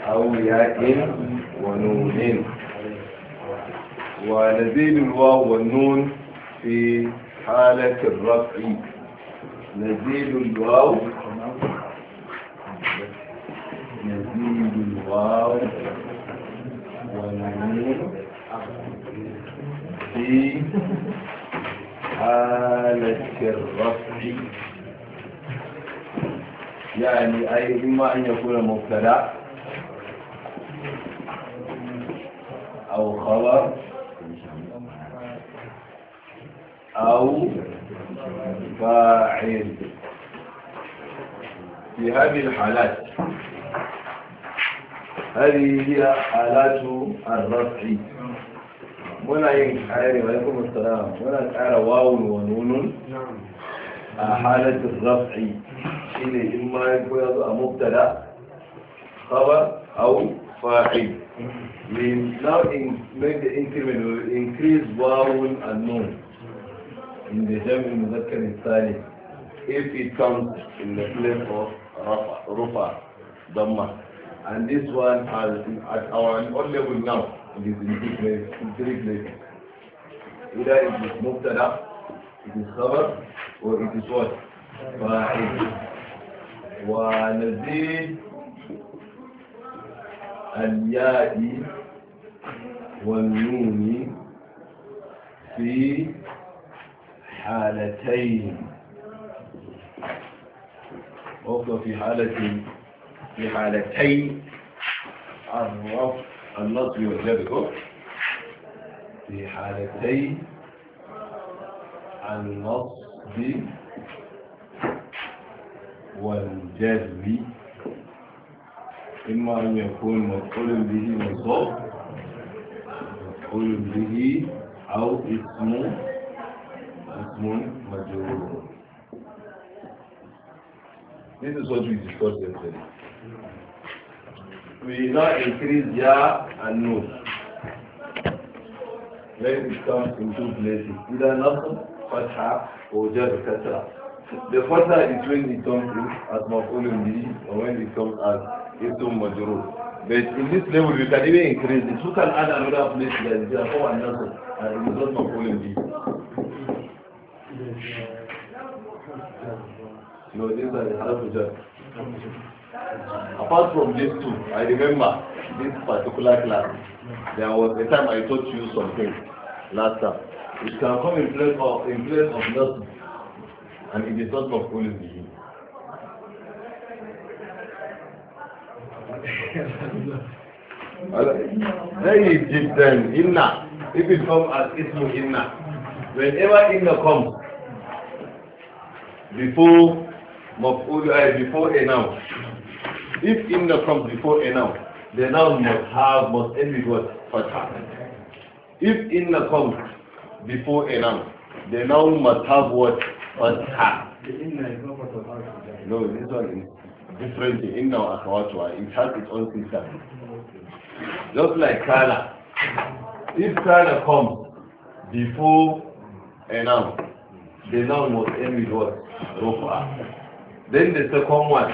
أو ياء ونون ونزيل الواو والنون في حالة الرفع نزيل الواو نزيل الواو والنون في حالة الرفع يعني أي إما أن يكون مبتدأ أو خبر أو فاعل في هذه الحالات هذه هي حالات الرفع هنا ينحرر عليكم السلام هنا تعالى واو ونون حالة الرفع إن إما يكون مبتدأ خبر أو فاعل we now in, make the increment, we increase wawun and nun in the Jami Muzakkar Isali if it comes in the place of Rafa, Rufa, Dhamma. And this one has, at our own level now, it is in three places. In three places. Either it is Mubtada, it is Khabar, or it is what? Fa'id. وَنَزِيدُ الياء والنون في حالتين وهو في حالة في حالتين الرفع النصب والجر في حالتين النصب والجر إما أن يكون مفعول به منصوب مفعول به أو اسم اسم مجرور This is what we discussed yesterday. We now increase ya and no. When it comes in two places, either nasr, fatha, or just etc. The fatha is when it comes as maf'ulun bihi, or when it comes as ism majrur but in this level you can even increase it you can add another place that is there for another and uh, it is not mafulin bi no these are the harfu jar apart from these two i remember this particular class there was a time i taught you something last time it can come in place of in place of nothing and it is not mafulin bi Very different. Inna. If it comes as Ismu Inna. Whenever Inna comes, before Maf'ul eh, before a noun. If Inna comes before a noun, the noun must have, must end with what? Fatah. If Inna comes before a noun, the noun must have what? Fatah. The No, this one is. different in Inna or Akawatwa. It has its own system. Just like Kala. If Kala comes before a noun, the noun was end with what? Rufa. Then the second one,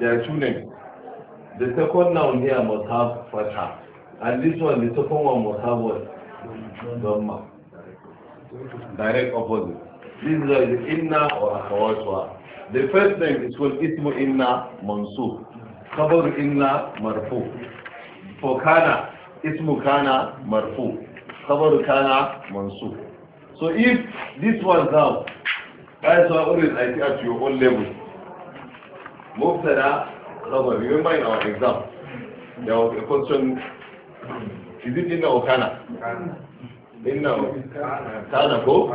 there are two names. The second noun here must have fatha. And this one, the second one must have what? Dhamma. Direct opposite. This is like the inna or akhawatwa. The first name is called Ismu Inna Mansur. Khabaru Inna Marfu. For Kana, Ismu Kana Marfu. Khabaru Kana Mansur. So if this was now, as I always I think at your own level, Mubtada, Khabar, remember in our exam, there was a question, is it Inna or Kana? Inna or Kana, go?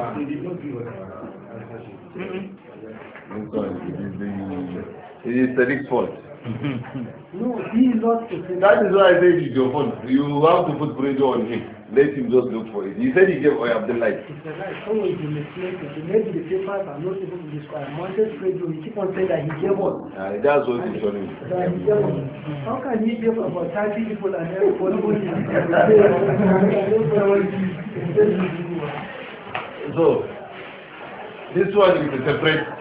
It is Sadiq's fault. no, he is not. That is why I said it's your fault. You have to put pressure on him. Let him just look for it. He said he gave away Abdullah. It's a lie. Someone is mistaken. He Maybe the papers are not able to describe. Montes Pedro, he keep on saying that he gave up. Uh, ah, that's what he's showing you. How can he give up about 30 people and then follow him? so, this one is a separate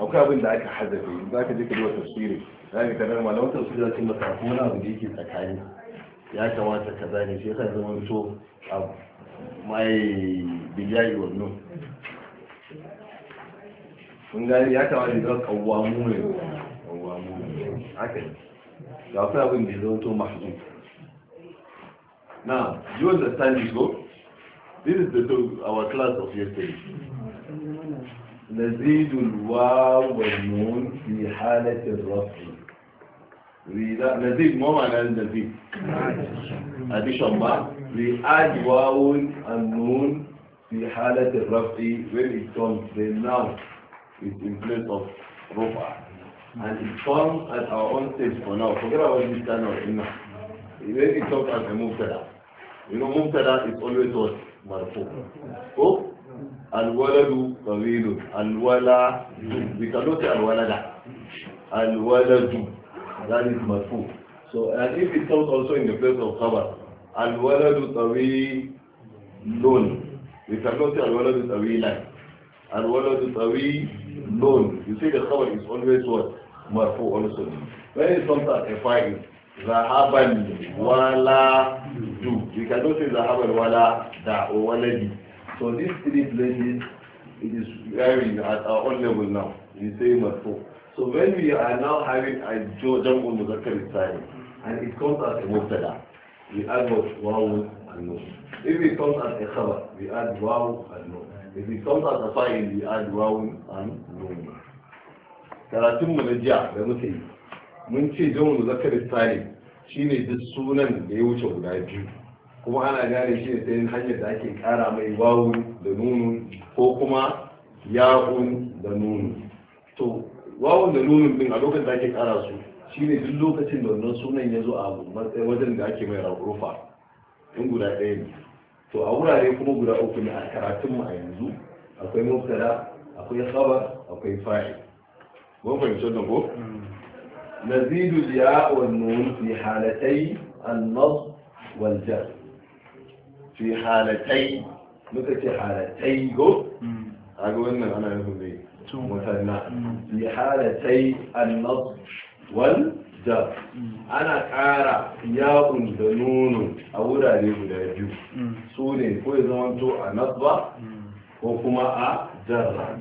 akwai abin da aka za ka je ka za ka da yake tsakani ya kamata ka zane shi yasa zama to a mai wannan gani ya kamata kawwa kawwa haka ne ga abin da to now do you understand this go this is the our class of yesterday نزيد الواو والنون في حالة الرفع لا نزيد مو معنى نزيد هذه شمع لأد واو النون في حالة الرفع when it comes the noun is in place of رفع and it comes at our own stage for now forget about this kind of thing now when it comes as a مبتدا you know مبتدا is always what مرفوع oh alwaladu tawilun alwala we cannot say alwalada alwaladu that is marfu so and if it comes also in the place of khabar alwaladu tawilun we cannot say alwaladu tawilan alwaladu tawilun you see the khabar is always what marfu also when it's sometimes a file zahaban wala du we cannot say zahaban wala da or waladi so these three places, it is varying at our own level now. The same as Marfu. So when we are now having a jump Jamul Muzakkar time, and it comes as a Mubtada, we add what? Wawu and no. If it comes as a Khabar, we add wow and no. If it comes as a Fa'il, we add wow and no. Nun. Karatunmu na jiya da muke yi, mun ce Jamul Muzakkar time shine duk sunan da ya wuce guda biyu. kuma ana gane shi ta yin hanyar da ake kara mai wawu da nunu ko kuma ya'un da nunu to wawun da nunun din a lokacin da ake kara su shine duk lokacin da wannan sunan ya zo a matsayin wajen da ake mai rufa in guda ɗaya ne to a wurare kuma guda uku ne a karatun mu a yanzu akwai mubtada akwai khabar akwai fa'il mun fahimci wannan ko hmm. nazidu ya nun fi halatai an-nasb wal jar fi halatai muka ce halatai go a ga wannan ana nufin mai mutanna fi halatai annab wal da ana kara. yawon da nono a wurare guda biyu su ne ko ya zamanto a nasba ko kuma a jarra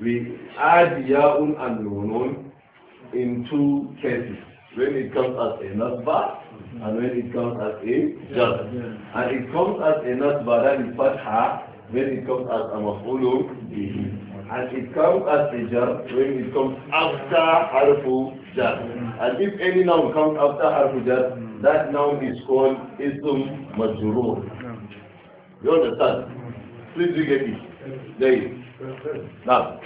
we add yawon and nonon in two cases when it comes as a nasba and when it comes as a jar. And it comes as a nasba, that is fatha, when it comes as a maf'ulu And it comes as a jar when it comes after harfu jar. And if any noun comes after harfu jar, that noun is called ism majuru. You understand? Please you get it. There it is. Now.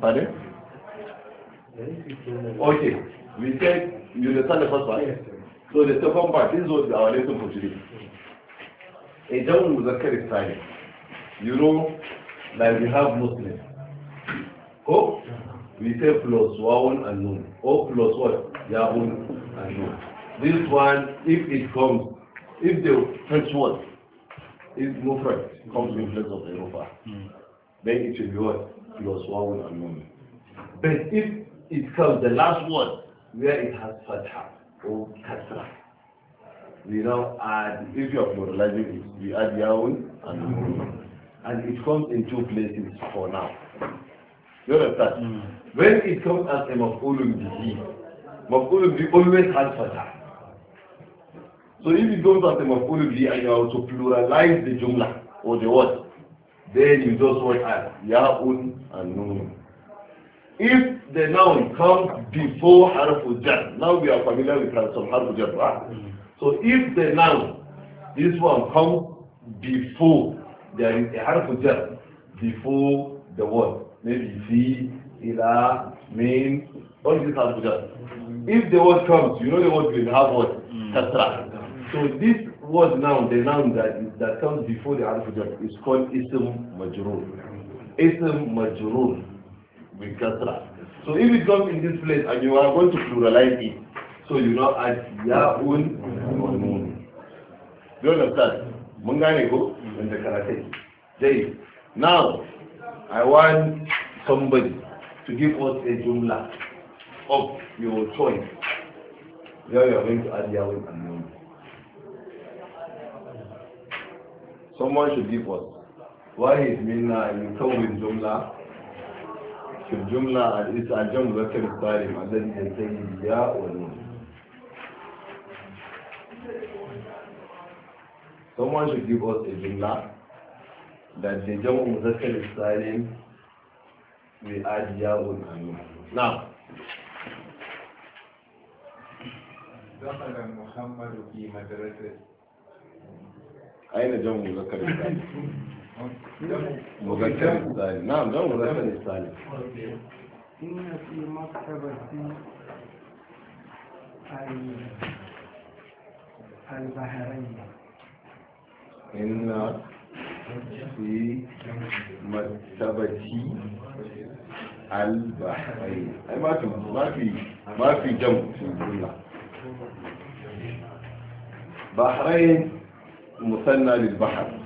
Pardon? Okay. We said, you understand the first part? Yes, So the second part, this was our lesson for today. A Jamu Muzakkar is silent. You know that we have Muslims. Oh, we say plus one and noon. Oh, plus what? Yaun and noon. This one, if it comes, if the first one is Mufrat, comes in place of Europa, mm. then it should be what? Plus one and noon. But if it comes, the last one, where it has fatha or kasra. We now add, if you are pluralizing it, we add yaun and And it comes in two places for now. You understand? Mm. When it comes as a maf'ulun bihi, maf'ulun bihi always has fatha. So if it comes as a maf'ulun bihi and you are to pluralize the jumla or the word, then you just want add yaun and nun. If the noun comes before harfu jar, now we are familiar with some harfu jar, right? Mm-hmm. So if the noun, this one comes before, there is a jar before the word. Maybe fi, ila, min, all these harfu jar. Mm-hmm. If the word comes, you know the word will have what? Mm-hmm. Kasra. So this word noun, the noun that that comes before the harfu jar is called ism majrur. Ism majrur with kasra. So if it comes in this place and you are going to pluralize it, so you now add ya'un nun. Do you understand? Mun gane ko? In the karate. There Now, I want somebody to give us a jumla of your choice. Where you are going to add ya'un and nun. Someone should give us. Why is Minna in you come with jumla? في الجملة الإسعى الجمع ذكر الثالث الذي ينتهي بياء والنون Someone should give us a jingla that the jamu muzakkar is silent, we add yawun and yawun. Now. Dakhala Muhammadu ki madrasa. Aina jamu muzakkar is silent. مذكر نعم ده مذكر السالم إن في مكتبة البحرين إن في مكتبة البحرين ما في ما في ما في جمع بحرين مثنى للبحر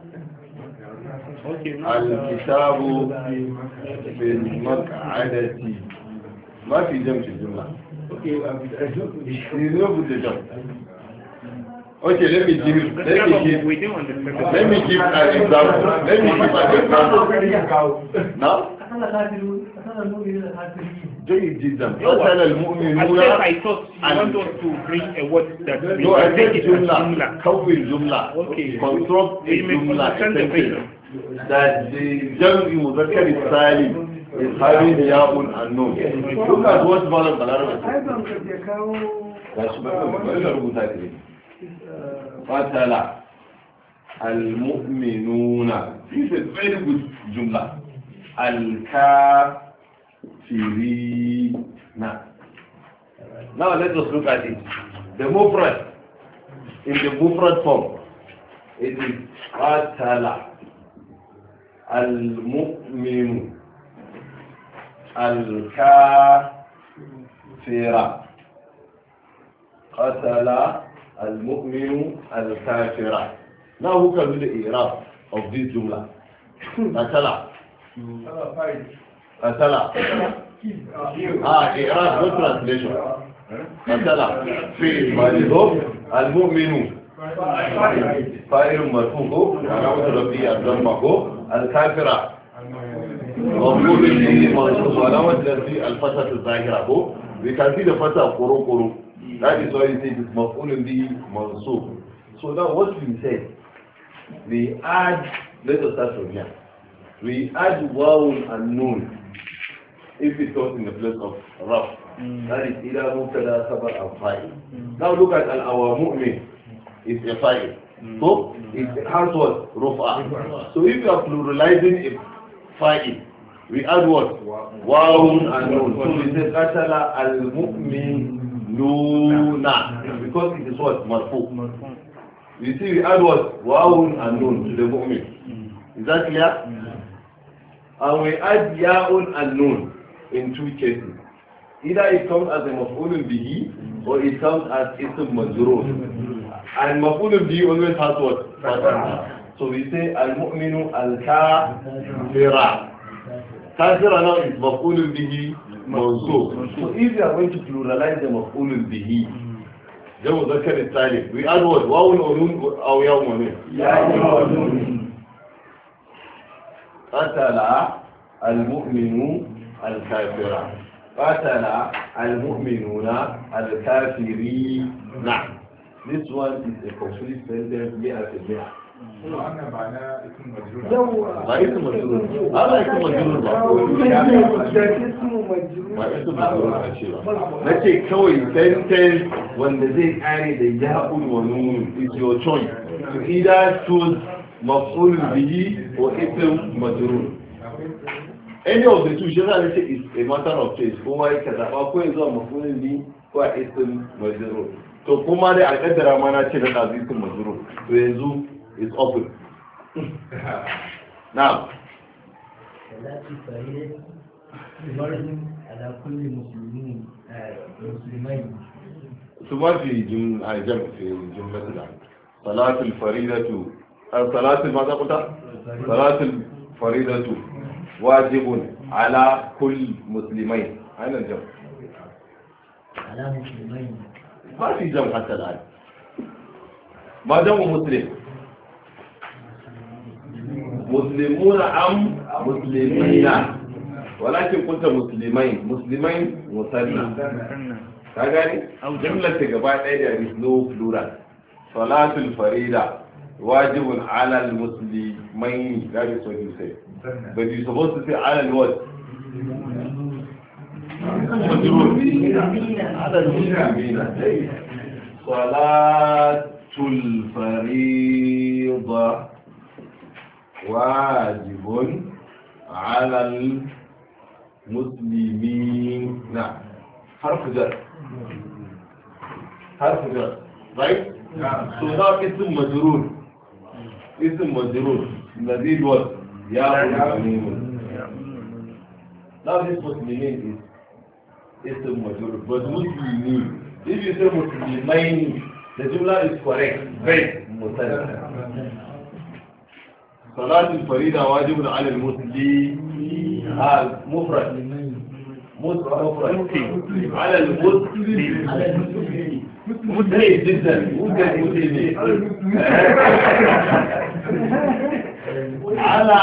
الكتاب في المقعدة ما في جمع الجملة في نوب Okay, let me give let me give let me give an example. Let me give an example. Now, da jam'i muzakkar salim salim da ya'un annun duka zuwa su malam balarabar ga shi ba ga rubuta ne fatala المؤمنون في فعل جملة الكافرين Now let us look at it. The mufrad in the mufrad form it is qatala المؤمن الكافر قتل المؤمن الكافر Now who can do the Iraq of this jumla? Atala. Atala. Ah, Iraq, no translation. Atala. في مالذوب المؤمن فائل مرفوض. أنا أقول ربي الكافرة وقول الشيء مرسوم علامة الذي الفتاة الظاهرة هو we can see the fatah koro koro that is why he said it's maf'ulun bihi mansub so now what we said we add let us start from here we add waw and noon if it comes in the place of raf mm. that is ila mubtada khabar and fa'il now look at our awamu'min is a fa'il so it has what? Rufa. So if you are pluralizing a fa'il, we add what? Wawun and nun. So we say qatala al-mu'minuna. Because it is what? Marfu. You see we add what? Wawun and nun to the mu'min. Is that clear? Mm-hmm. And we add ya'un and nun in two cases. Either it comes as a maf'ulun bihi or it comes as ism majrur. And mafulun bi always has what? So we say al-mu'minu al-kafira. Kafira now is mafulun bihi mansub. So if you are going to pluralize the mafulun bihi, ده مذكر التالي ويقال هو واو الأنون أو يوم ونين يوم قتل المؤمن الكافر قتل المؤمنون الكافرين نعم this one is a complete sentence ba isu ba ba ba ce ba na ce kawai sentence wanda zai kare da ya wa nunu is your choice to either choose maf'ul bihi or any of the two is a matter of choice ya ka zaba ko ya maf'ul bihi ko to kuma dai a kaddara ma na ce da azizun majuru to yanzu is open na su mafi jim a jam fi eh, jim masila salatul faridatu eh, salatul maza kuta salatul faridatu wajibun ala kulli muslimai ainihin jam ala musulmai? ba su jan hasana ba jan muslim am walakin kunta muslimai muslimai musanna ka gani jumlar gaba ɗaya da is no plural salatul farida wajibun alal muslimai that is but you supposed alal what صلاة الفريضة واجب على المسلمين نعم حرف جر حرف جر right طيب؟ صلاة نعم. اسم مجرور اسم مجرور الذي وزن يا مسلمين لا this مسلمين ism majrur but muslimi if you say muslimaini the jumla is correct very musanna صلاة الفريضة واجب على المسلم مفرد مفرد على المسلم جدا على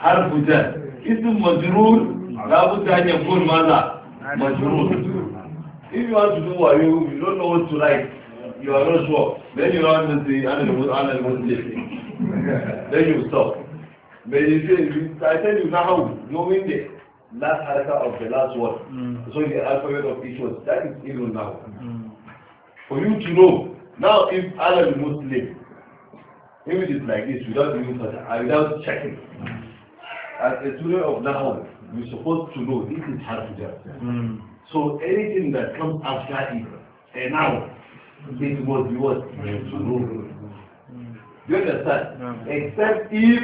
حرف جر اسم مجرور لابد أن يكون ماذا If you want to do what you, you don't know what to like, you are not sure, then you run into the animal, animal Then you stop. But you, I tell you now, knowing the last letter of the last word, mm. so the alphabet of each word, that is evil now. Mm. For you to know, now if Allah is Muslim, if it is like this without even without checking, as a student of Nahum, you're supposed to know this is hard to Mm. So anything that comes after it, and now, it was, be what you to know. You understand? Hmm. Except if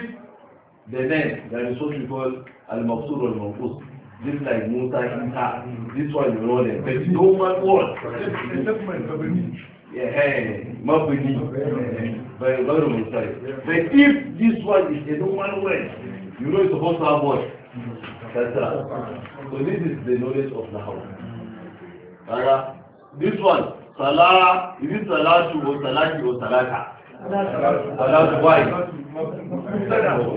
the name that is what we call al-mafsur al-mafus, this like Musa, Isa, this one you know them, but no man what. Yeah, hey, Mabuni, by God But if this one is a normal word, you know it's supposed to have what? Kasra. So this is the knowledge of Nahaw. Alright. This one, Salah, is it Salatu or Salati or Salata? Salatu, why?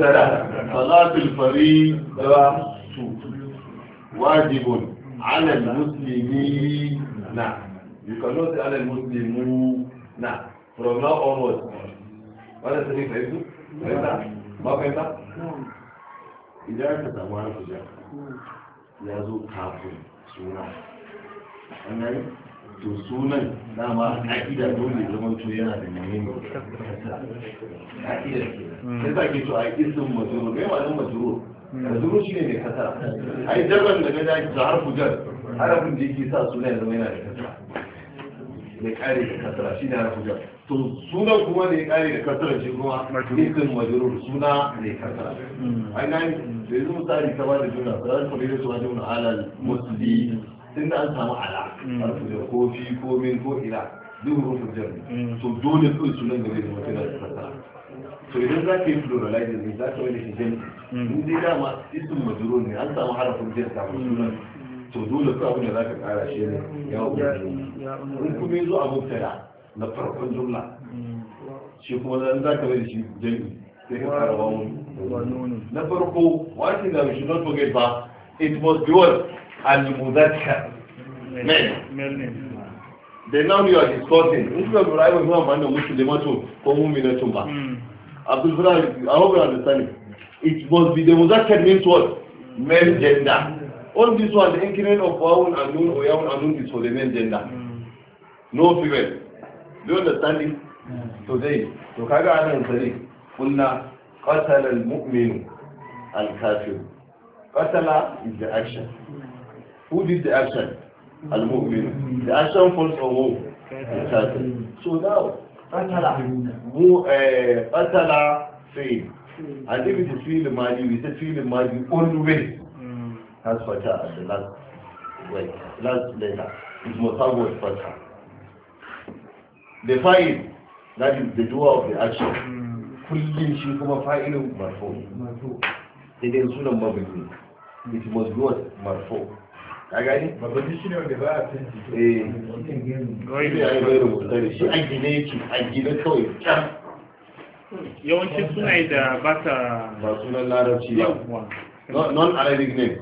Salatu al-Fariqa two. Wajibun ala al-Muslimina. You cannot say ala al-Muslimuna. From now onwards. What does it mean for you? Ma idan ka samu harfi da ya zo kafin suna an gani to sunan dama ka'ida dole zaman to yana da muhimmi ka'ida ke hmm. sai za ke to a isin mazuru gai ma ɗan mazuru mazuru shi ne mai kasa ai jarban da gaja da harfu jar harafin da yake sa suna ya zama yana da kasa ya kare da kasara shi ne harfu jar to sunan kuma ne kare da kasar shi kuma isin majrur suna ne kasar hmm. ai gani da yanzu misali ta bada juna ba za su rage su wajen alal musli tun da an samu ala harfu hmm. da ko fi ko min ko ila duk rufin jami hmm. to dole su sunan da zai zama tana da kasar to idan za ka yi pluralizing ne za ka wani shi jami in dai dama isin majrur ne an samu harafin jami samun sunan to dole su abin da za ka kara shi ne ya ubangiji in kuma yanzu a mubtada na farkon jumla hmm. shi kuma zan za ka da shi jami sai ka fara wani na farko wani da shi not forget ba it must be what al-muzakkar men the noun you are discussing instead of right one man muslimatun ko mu'minatun ba abdul fatah i hope you understand it it must be the muzakkar means what male gender all this one the increment of wawun and nun or yawun and nun is for the male gender hmm. no female do you understand it hmm. today to kaga anan sare kunna qatala al-mu'min al-kafir qatala is the action who did the action al-mu'min the action falls on who al-kafir so now qatala mu eh, qatala fail and if it is fi'l madi we say fi'l madi way. Hmm. That's what I the last way. last letter is mutawwal fatha the fa'il that is the doer of the action hmm, kullum shi kuma fa'ilin marfo sai dai sunan mabini it must be what marfo ka gani? mabini shi ne wanda ba a canji eh sai a yi bayar shi a gine yake a gine kawai can yawancin sunaye da ba ta ba sunan larabci ba non-arabic name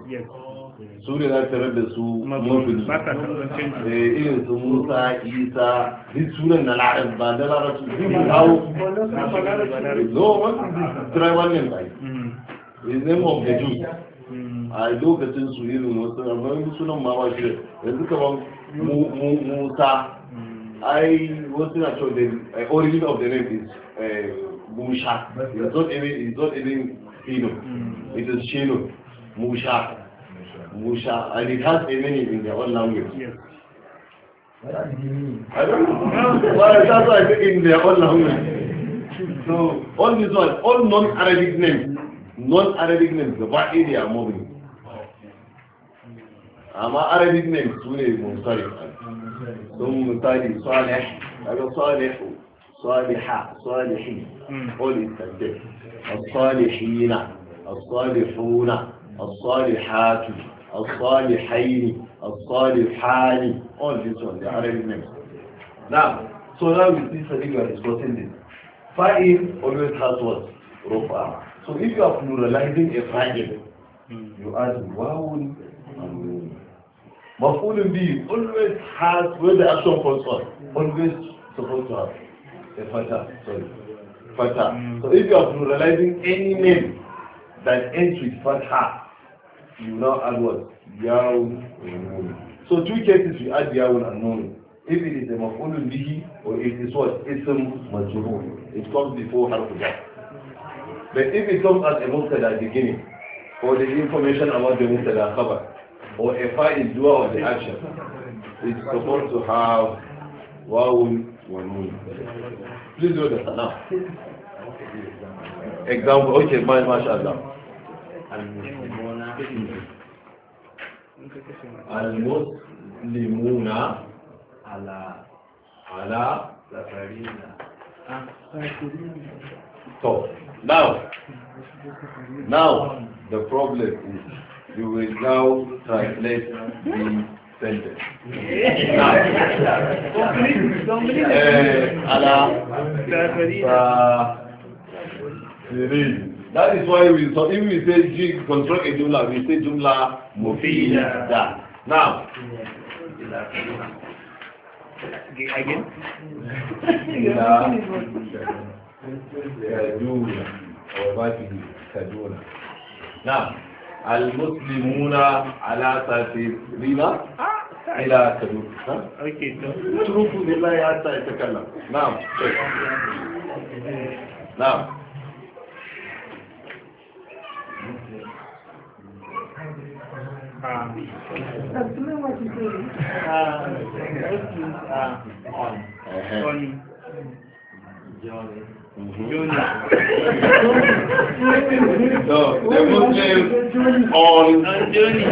su ne za tarar da su mabini eh, irin su musa isa duk sunan na la'ar ba da larabci su kawo no tribal name ba da eh, name of the jews mm. a lokacin su irin wasu amma sunan ma ba shi yanzu kamar musa mm. ai wasu na cewa the eh, origin of the name is musha it's not even it's not even mm. it is shino musha مشا الهات مني من ده ولا مني ولا شاطر من ده ولا مني so all these ones all non Arabic names non Arabic names the white area mobile أما Arabic names سوني مصاري ثم مصاري صالح أنا صالح صالحة صالحين all in the الصالحين الصالحون الصالحات As-Salihayni, As-Salihani, all these ones, the Arabic names. Now, so now we see Sadiqa is gotten this. Fa'il always has what? Rufa. So if you are pluralizing a fa'il, you add wawun and wawun. Maf'ulun bi always has, where the action comes from, always supposed to have a fatah, sorry, fatah. So if you are pluralizing any name that ends with fatah, you now add what? Yaun and noon. So two cases you add Yaun and noon. If it is a maf'ulun bihi or if it is what? Ism majhul. It comes before harf But if it comes as a mubtada at the beginning or the information about the mubtada khabar or a fa'il dua of the action, it's supposed to have wawun and noon. Please do that now. Example, okay, mashallah. المسلمون ala, على سفرنا ah, So now, now the problem is you will now translate the sentence. Eh, ala, uh, that is why we so if we say jig control a jumla, we say jumla mufida. Now again. Now المسلمون على تأثيرنا إلى كدونا. Okay. نروح لله نعم. نعم. Um, explain what you say. Uh, uh, on. Sorry. Johnny. Mm-hmm. so the Muslims on Johnny.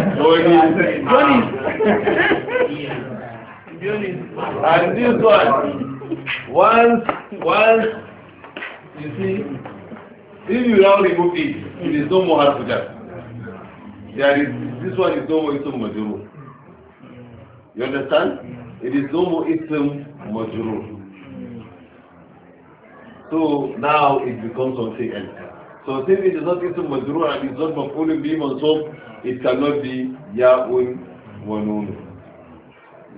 Johnny. Johnny. And this one, once, once, you see, if you now remove it, it is no more hard to that. There is, this one is no more ism majrur. You understand? It is no more ism majrur. So now it becomes something else. So since it is not ism majrur and it is not maf'ulun and so it cannot be ya'un wa nun.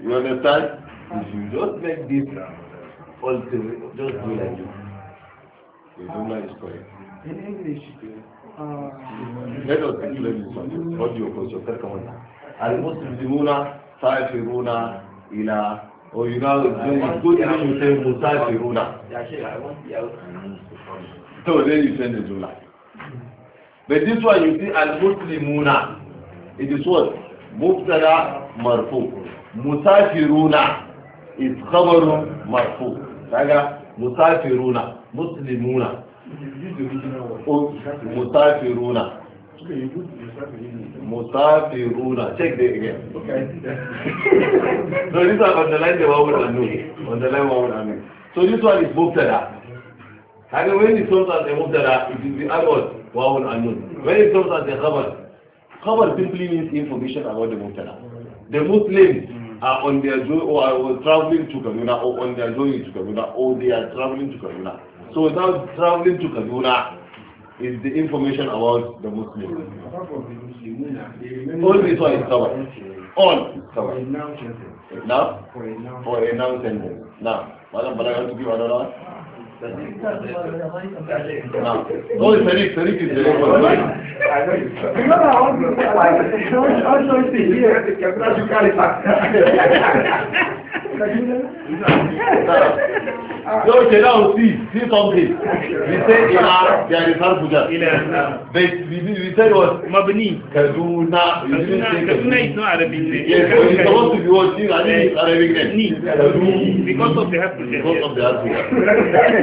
You understand? If you just make this alter, just do like Don't jumla is correct. In English, Let us see legislation, what you oppose your second one. المسلمون سافرون إلى or you know, good thing you say مسافرون. So then you change it to like. But this one you see al-muslimuna. It is what? مبتدا مرفوع. مسافرون is خبر مرفوع. kaga musafiruna muslimuna Mutafiruna. Mutafiruna. check that again okay so this one underline the word anu underline word anu so this one is mubtada and when it comes as a mubtada it is the adult wawun anun when it comes as a khabar khabar simply means information about the mubtada the muslims are on their journey or are traveling to Kaduna or on their journey to Kaduna or they are traveling to Kaduna so without traveling to Kaduna is the information about the Muslims. All this one is covered. All is covered. Now? For a noun sentence. Now, Madam, but I to give another one. Olha, peraí, peraí, que deu. Primeira só esse dia, que atrás something. We say ila, there is harfuja. Ila. But we say what? Mabni. Kaduna. Kaduna, Kaduna is not Arabic Yes, but it's supposed to be what? Arabic name. Because of the harfuja. Because of the harfuja.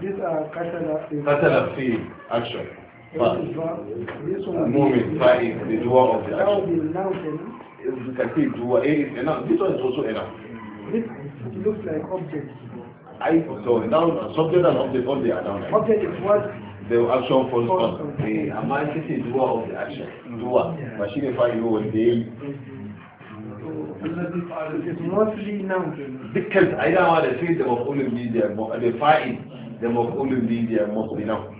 These are Qatal fi action. Moving, by the doer of the action. Now you can see doer, A is enough. This one is also enough. This looks like object. I so now subject and object all they are down. Object is what the action falls on. The amount is doer of the action. Doer. But she didn't you one day. It's mostly noun. Because I don't want to see the of only media, the fight. the maf'ulun bihi must be now.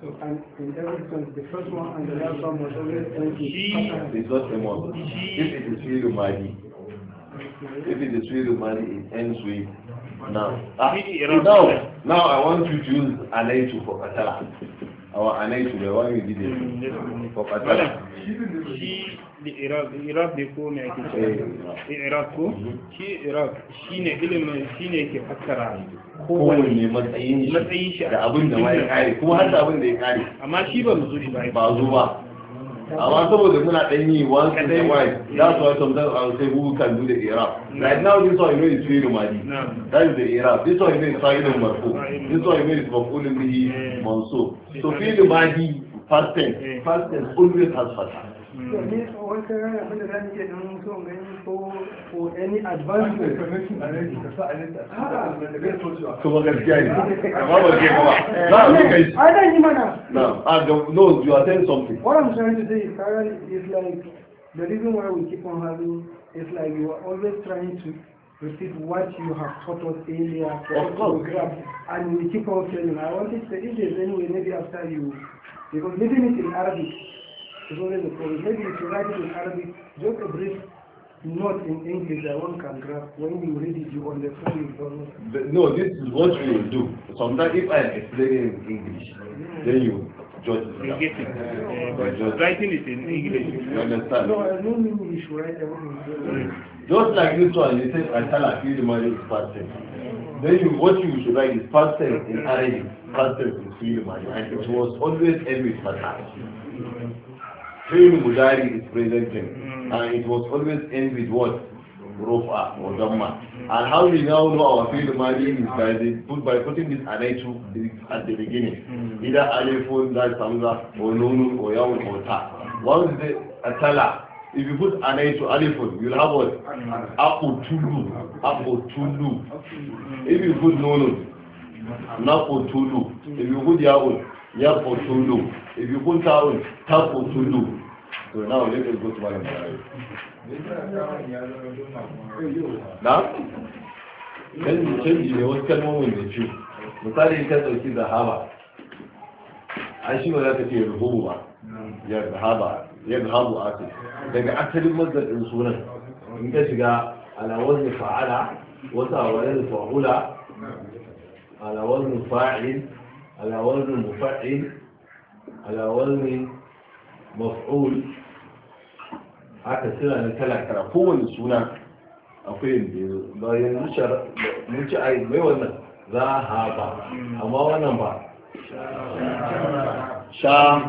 So, and in every sense, the first one and the last one was always end It's not the model. If it is fi'lu madi, if it is fi'lu madi, it ends with now. Ah, now, now I want to choose alaytu for qatala. Our alaytu, the one we did it mm, for qatala. iraq ne ko mai ake shi eh. iraq ko shi iraq shi ne ilimin shi ne ke fassara kowane matsayin shi da abin da ma kare kuma har da abin da ya kare amma shi ba mu shi ba ba zo ba amma saboda muna ɗan yi once in a while that's why sometimes I'll say who can do the Iraq right now this one you know is really Mali that is the Iraq this one you know is Sa'idun Marfu this one you know is Mafulun Bihi eh. Mansur so tense tense eh. always has domin wanka yana abinda za ni don't so gani ko ko any advancement kuma gaskiya ne amma ba ke ba za a zuka yi a dan yi mana no no you are saying something what i'm trying to say is Karen, is like the reason why we keep on having is like you are always trying to repeat what you have taught us earlier of course. and we keep on saying i wanted to say if there's any way maybe after you because maybe it's in arabic is always a Maybe if you write it in Arabic, just a brief note in English that one can grasp. When you read it, you understand it almost. no, this is what you do. Sometimes if I am explaining in English, yeah. then you judge it. You get it. but just, writing it in English. You understand? No, I don't mean you should write everything. Mm. Just like this one, you said, I shall feel the money is past tense. Then you, what you should write is past tense in Arabic, past tense in Swedish, and it was always every with past tense fi'l mudari is present mm. and it was always end with what rufa or dhamma and how we now know our field madi is by the, put by putting this anaitu at the beginning mm. either alifun that samza or nunu or yaun or ta once the atala if you put anaitu A alifun, you'll have what? Mm. Apotulu. Apotulu. If you put nunu, nono, napotulu. If you put yaun, yapotulu. If you put towel, tap or to do. So now let us go to Malam Na? Kalmi canji ne wasu kalmomin da ciwo. Misali ka ɗauki zahaba. An shi ba za ka ce ruhubu ba. Ya zahaba, ya zahabu a ce. Daga asalin mazdar sunan. In ka shiga ala wani fa'ala, wasu a wani fa'ula, ala wani fa'il, ala wani mufa'il, على وزن مفعول haka suna ne kala-kala kowane suna akwai yanzu bayan muci a yi mai wannan za ha ba amma wannan ba sha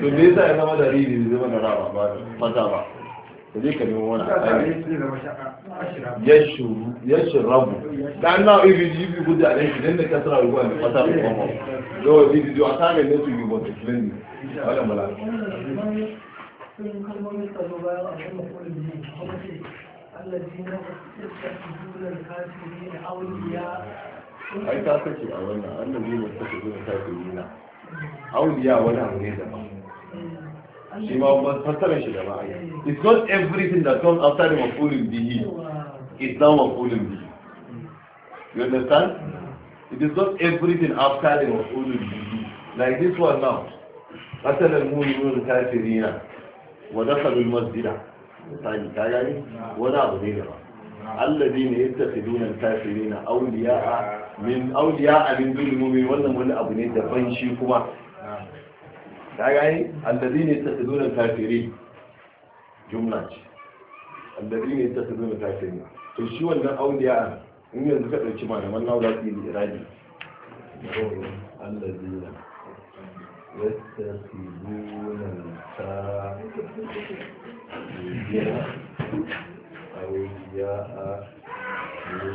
to me yasa ya zama da riri zama da raba ba fata ba ka je ka nemo wani ya shirabu da an na ibi ji bi gudu a ɗanki don da ka sara ruwa da fata da kwamma da wa bibi zuwa ta mai nesu yi wata kilin ne wadda mala ai ta sake a wannan annabi ne ta sake zuwa ta kulina auliya wani abu ne daban shi ma ban fassara shi it's not everything that comes outside mafulin bihi It's now mafulin bihi you understand it is not everything outside mafulin bihi like this one now قتل المؤمنون كافرين ودخلوا المسجد misali ka gani wani abu ne da ba allazi ne yadda su duna kafiri na auliya a min shi kuma ka gani allazi ne ta su nuna kafiri jumla ce allazi ne ta su nuna kafiri to shi wannan auliya in yanzu ka ɗauki malaman nau na su da iraji allazi ne يتخذون الكافرين أولياء من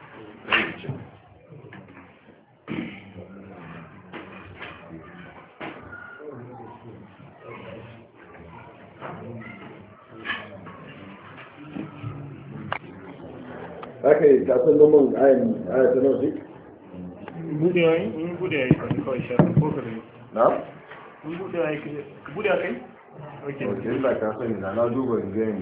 haka yi kasan noman ayan ayan ta bude yayi bude yayi kawai na bude yayi bude kai ka sani na na duba in ga yi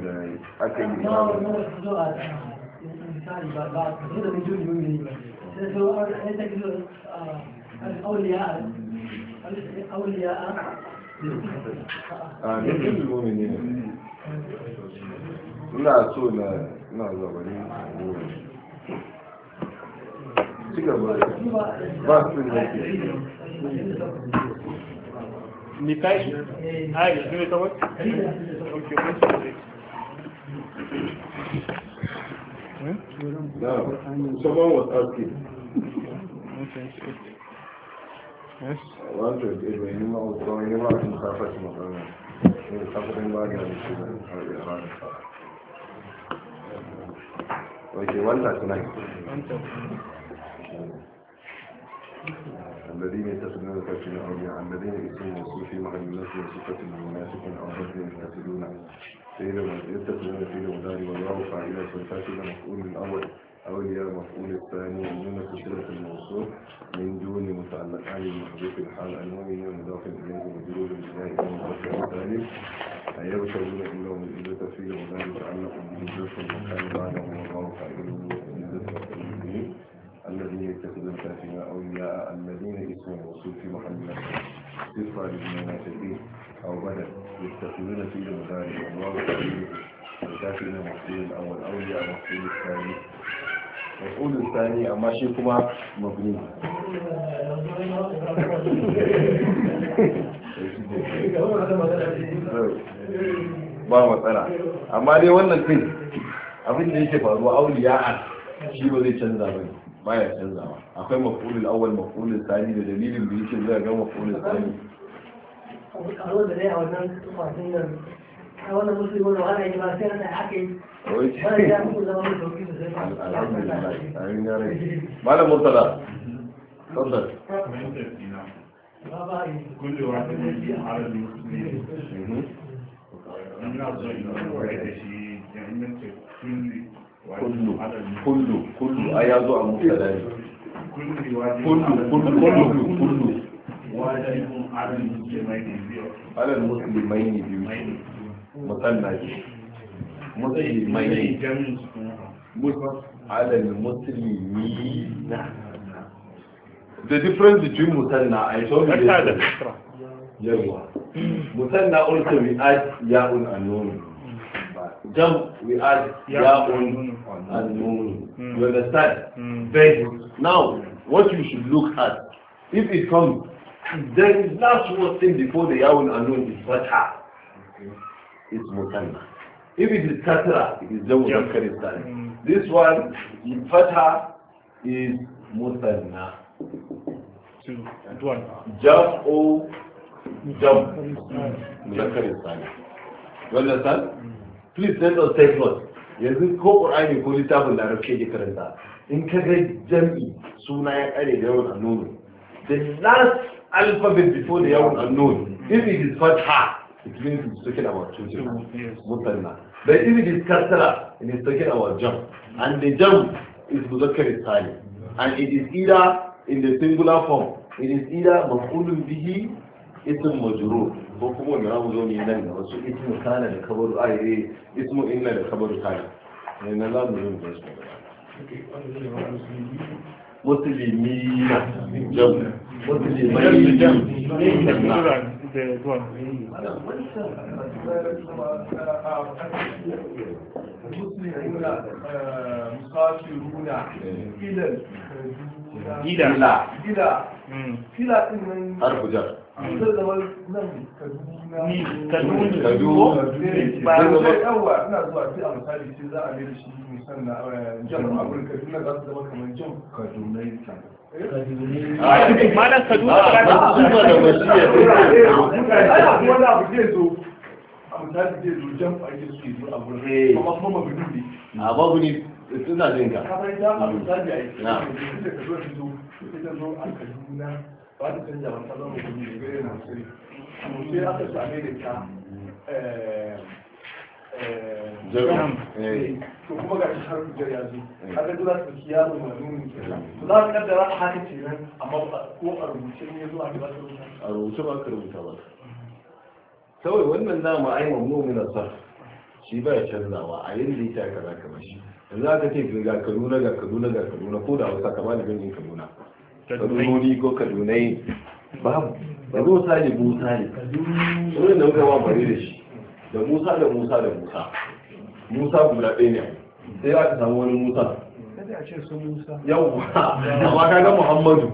na na Allah bari ci gaba ba su ne ni kai ai ne kawai okay No, someone was asking. Yes. I wondered if we knew what was going on in South Africa. We were talking about it. okay 139 الذين يتخذون الكافرين أولياء الذين يسمون الرسول في محل الناس وصفة المنافق أو رجل يقاتلون فإذا يتخذون في الغدار والله فاعلة فاسد مفعول الأول أولياء مفعول الثاني يؤمنون بصلة الموصول من دون متعلقان بمحذوف الحال المؤمن مضاف إليه وجلود الجنائي المضاف الثالث يبتغون إلهم الإبتة فيه وذلك أنهم به جرس وكان بعدهم والله فاعله إبتة المؤمنين الذين يتخذون الكافرين أولياء الذين اسمهم وصول في محل صفة للمنافقين أو بدل يتخذون فيه وذلك والله فاعله الكافرين محسن الأول أولياء محسن الثاني mafudin sani amma shi kuma mabni ba matsala amma dai wannan fin abin da yake faruwa auliya shi ba zai canza ba ne canza ba akwai mafudin awal mafudin sani da dalilin da yake zai ga mafudin sani a wannan wannan musulmi wannan wani aiki ba sai na haka yi malam murtala تفضل كل واحد على المسلمين كله كله كله أي أضع مسلم كله كله كله كله واجب على المسلمين على المسلمين بيوت musanna ne musulmai ne musaf alal musulmi the difference between musanna i told you yawa musanna also we add ya'un and nun jam we add ya'un and mm. you understand then mm. now what you should look at if it comes there is last word thing before the ya'un and nun is fatha is mutanna. If it is katra, it is jamu yeah. salim. This one, in fatha, is mutanna. Two, one. Jam'u, jam, muzakkar salim. You understand? Mm. Please let us take note. Yanzu ko Qur'ani ko littafin larabci ke karanta. In ka ga jam'i suna ya kare da yawan annunu. The last alphabet before the yawan annunu, if it is fatha, it means he's talking about two things. But if it is kasra, it is talking about jump. And the jump is muzakkar silent. And it is either in the singular form. It is either maf'ulun bihi ism majrur. Ko kuma wanda zamu zo mu yi nan wasu ismu kana da kabaru ai eh ismu inna da kabaru kana. Ne nan zamu zo mu yi musulmi na jam musulmi na jam da zuwa musafiruna ilal Gida. gila gila hmm. din nan hmm. zai zama nan kaduna kaduna ba zai yawa ina zuwa sai a misali sai za a mai shi musamman eh, jam kaduna za su zama kamar jam kaduna malam eh? kaduna ta ah, su suna jin ka ta mu na zo ita zo a kaduna ba ta zama da gare na sai amma sai aka eh, eh, eh. To kuma ga shi har kujar ya zo. Haka duk su ɗauki yaro mai nuni kenan. To za ka kaddara haka ce nan amma ko a rubuce ne zuwa ga ba ta rubuta. A rubuce ba ka rubuta ba. Kawai wannan dama ai mamnu min asar. Shi ba ya canzawa a yin da yake aka zaka mashi. yanzu aka ce ga kaduna ga kaduna ga kaduna ko da hausa ba da gani kaduna kadunoni ko kadunai babu da musa ne musa ne wurin da muka wa da shi da musa da musa da musa musa guda ɗaya ne sai aka samu wani musa yawwa amma ga muhammadu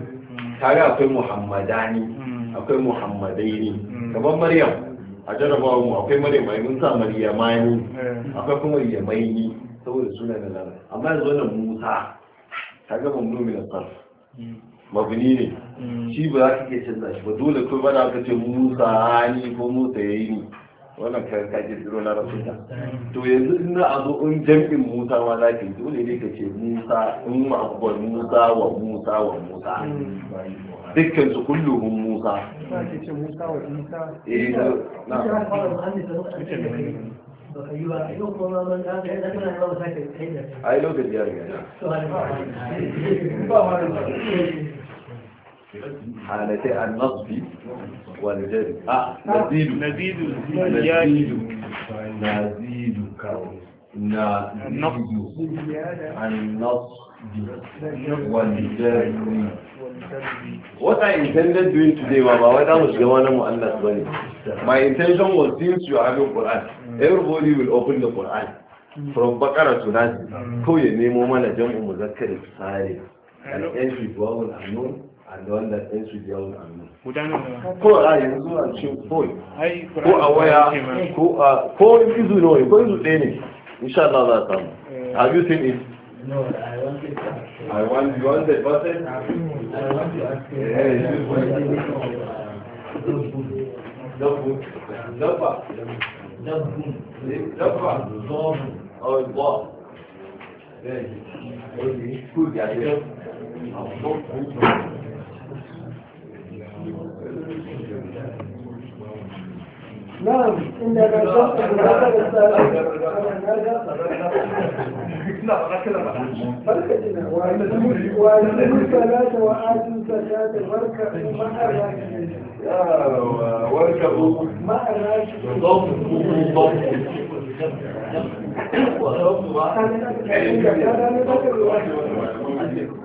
kaga akwai muhammadani hmm. akwai muhammadaini kamar maryam a jarabawa mu akwai maryam mun sa maryamani eh. akwai kuma yamaini saboda suna na lara amma yanzu wannan musa ta gaba mummi na tsar mabini ne mm. shi ba za ka iya canza shi ba dole ko ba da ka ce musa ni ko musa ya yi ni wannan kayan ka ji zuro na rasuta to yanzu in a zo in jam'in musa ma za ka yi dole ne ka ce musa in ma'abubuwan musa wa musa wa musa dukkan su kulluhum musa ba ce musa wa eh na ai uh, uh, lokaci ya riga حالتي النصب والجر آه نزيد نزيد نزيد What I intended doing today, mama? whether I was going to Mu'annas Bani, my intention was since you are having Quran, Mm. everybody will open the Quran mm. from Bakara to Nazi mm. ko ya nemo mana jam'u muzakkar sare and entry vowel unknown and the one that ends with yawon and ko Who are you? Who are you? Who are you? Who are you? Who are you? Who are you? Who are you? Who are you seen it No, I want it. I want you want the button. I want to ask you. Yeah, you want the button. The book. The book. lọ́gbùn lọ́gbà lọ́ọ̀mù ọ̀gbọ́ bẹ́ẹ̀ni olè kú ìyàgbẹ́ àwọn ọ̀gbọ́n نعم إن لا لا وأتموا الصلاة وآتوا الزكاة واركبوا مع الراكعين واركبوا مع الراكعين ضبطوا ضبطوا ضبطوا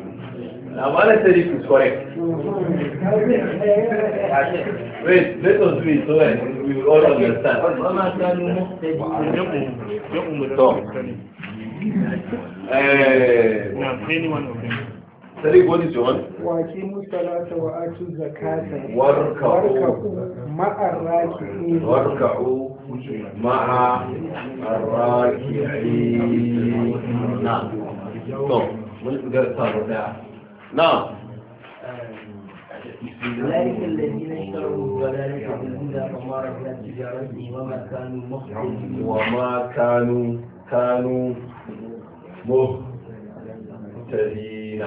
Now Amana said it is correct. Wait, let us do it so that we will all understand. So, uh, eh, Sadiq, what is your one? وَأَقِيمُوا الصَّلَاةَ وَآتُوا الزَّكَاةَ وَارْكَعُوا مَعَ الرَّاكِعِينَ وَارْكَعُوا مَعَ الرَّاكِعِينَ نعم. طب، ملك جرس صار نعم أولئك الذين اشتروا الضلالة بالهدى فما ربحت تجارتهم وما كانوا مخطئين وما كانوا كانوا مهتدين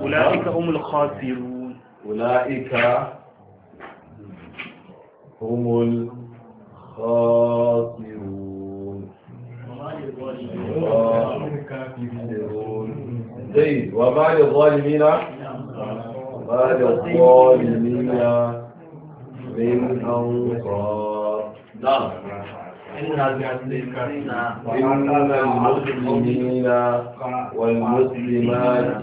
أولئك هم الخاسرون أولئك هم الخاسرون وما للظالمين جيد وما للظالمين ما للظالمين من أنصار نعم إن المسلمين والمسلمات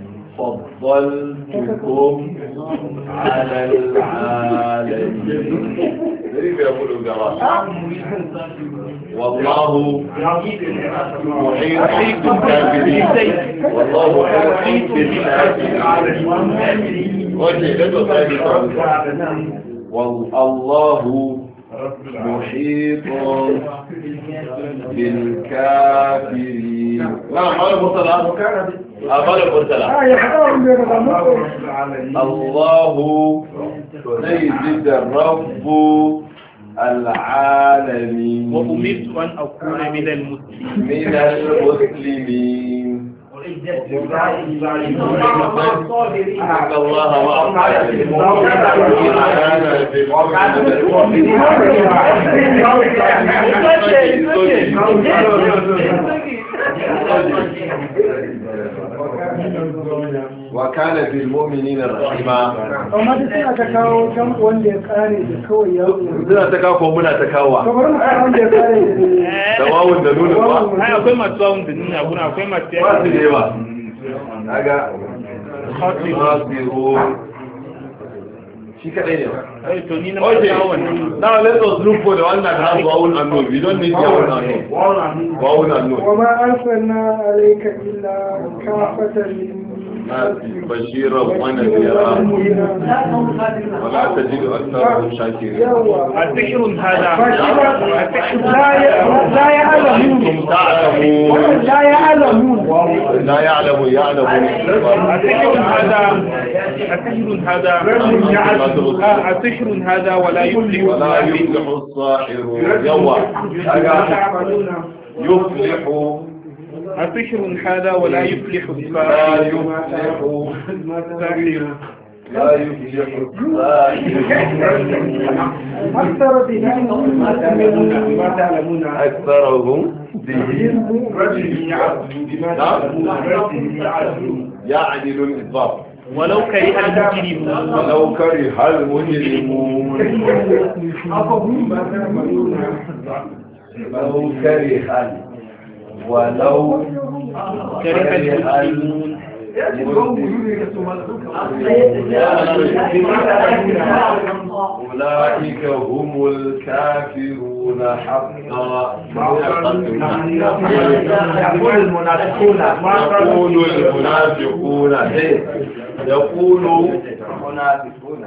فضلتكم على العالمين والله محيط بالكافرين والله محيط بالكافرين والله محيط بالكافرين نعم على المصطلح الله سيد الرب العالمين وأمرت أن أكون من المسلمين من المسلمين الله wa kana bil mu'minina rahima amma duk suna ta kawo can wanda ya kare da kawai ya suna ta kawo ko muna ta kawo kamar mu kawo wanda ya kare da wawun da nuna ba ai akwai masu wawun da nuna kuna akwai masu yawa ba su da yawa naga khatiru shi kadai ne ba to ni na kawo wannan now let us look for the one that has wawun and nun we don't need wawun and nun wawun and nun wa ma arsalna alayka illa kafatan lin بشيرا ونذيرا ولا تجد أكثرهم شاكرا البشر هذا لا يعلمون لا يعلمون لا يعلم يعلم السحر هذا السحر هذا السحر هذا ولا يفلح ولا يفلح الساحر يوا يفلح أفشر هذا ولا يفلح الساحر لا يفلح ما تعلمون أكثرهم بهم نعم. رجل يعدل يعدل الإضافة ولو كره المجرمون ولو كره المجرمون لو كره المجرمون ولو كره المؤمنون أولئك هم الكافرون حقا يقول المنافقون يقول المنافقون إيه؟ يقول المنافقون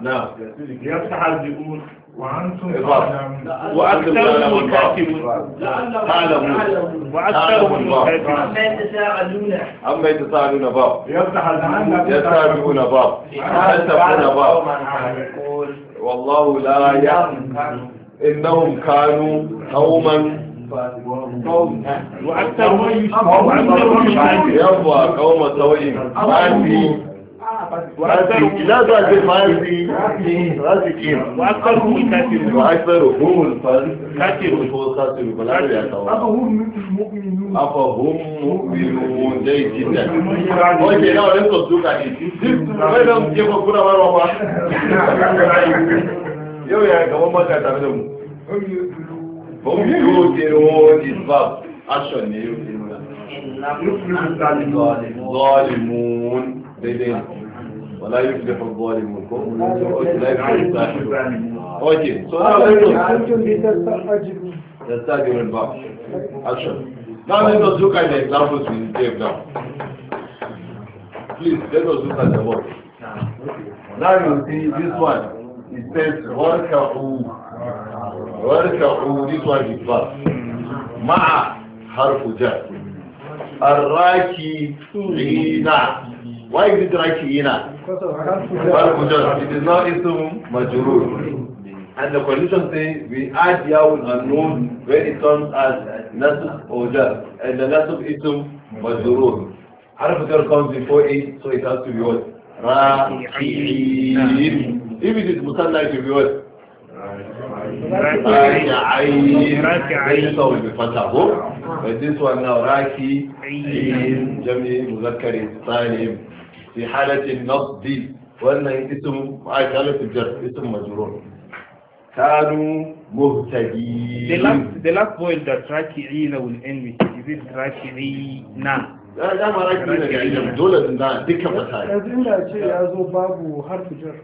نعم يستحرجون وأنتم تعلمون وأكثرهم تعلمون وأكثرهم كاتبون أما يتساءلون باب يتساءلون باب يتساءلون باب والله لا يعلم إنهم كانوا قوما وأكثرهم يشركون يبقى قوم سوء ما في لا تعزل فارسي راسكين وأكثرهم الكافرون وأكثرهم الكافرون هو الكافر فلا يتوقع أفهم مؤمنون أفهم مؤمنون جيد جدا وإذا لا لم تصدق عليه وإذا كيف أكون مرة yau ya gaba maka tare da mu هم يوترون إسباب عشان يوترون ظالمون ظالمون ديدين ولا يفلح الظالمون لا يفلح الظالمون so now let's look تستاجر البعض now let us look at the examples we gave now please let us look at the word now you see this one it says واركعوا واركعوا this one is verse مع حرف جر ina. why is it ina? It is now Isum Majurur. And the condition say we add Yawun and Nun when it comes as Nasub or Jar. And the Nasub Isum Majurur. Harf Jar comes before it, so it has to be what? Rafi'in. If it is Musanna, it will be what? This one will be Fatahu. But this one now, Raki'in, Jami, Muzakkari, Salim. في حالة النصب وأن اسم مع حالة الجر اسم مجرور كانوا مهتدين the last the last point that راكعين will end with is it راكعين لا لا ما راكعين يعني دولة لا دكة بتاعي لا شيء يازو بابو حرف جر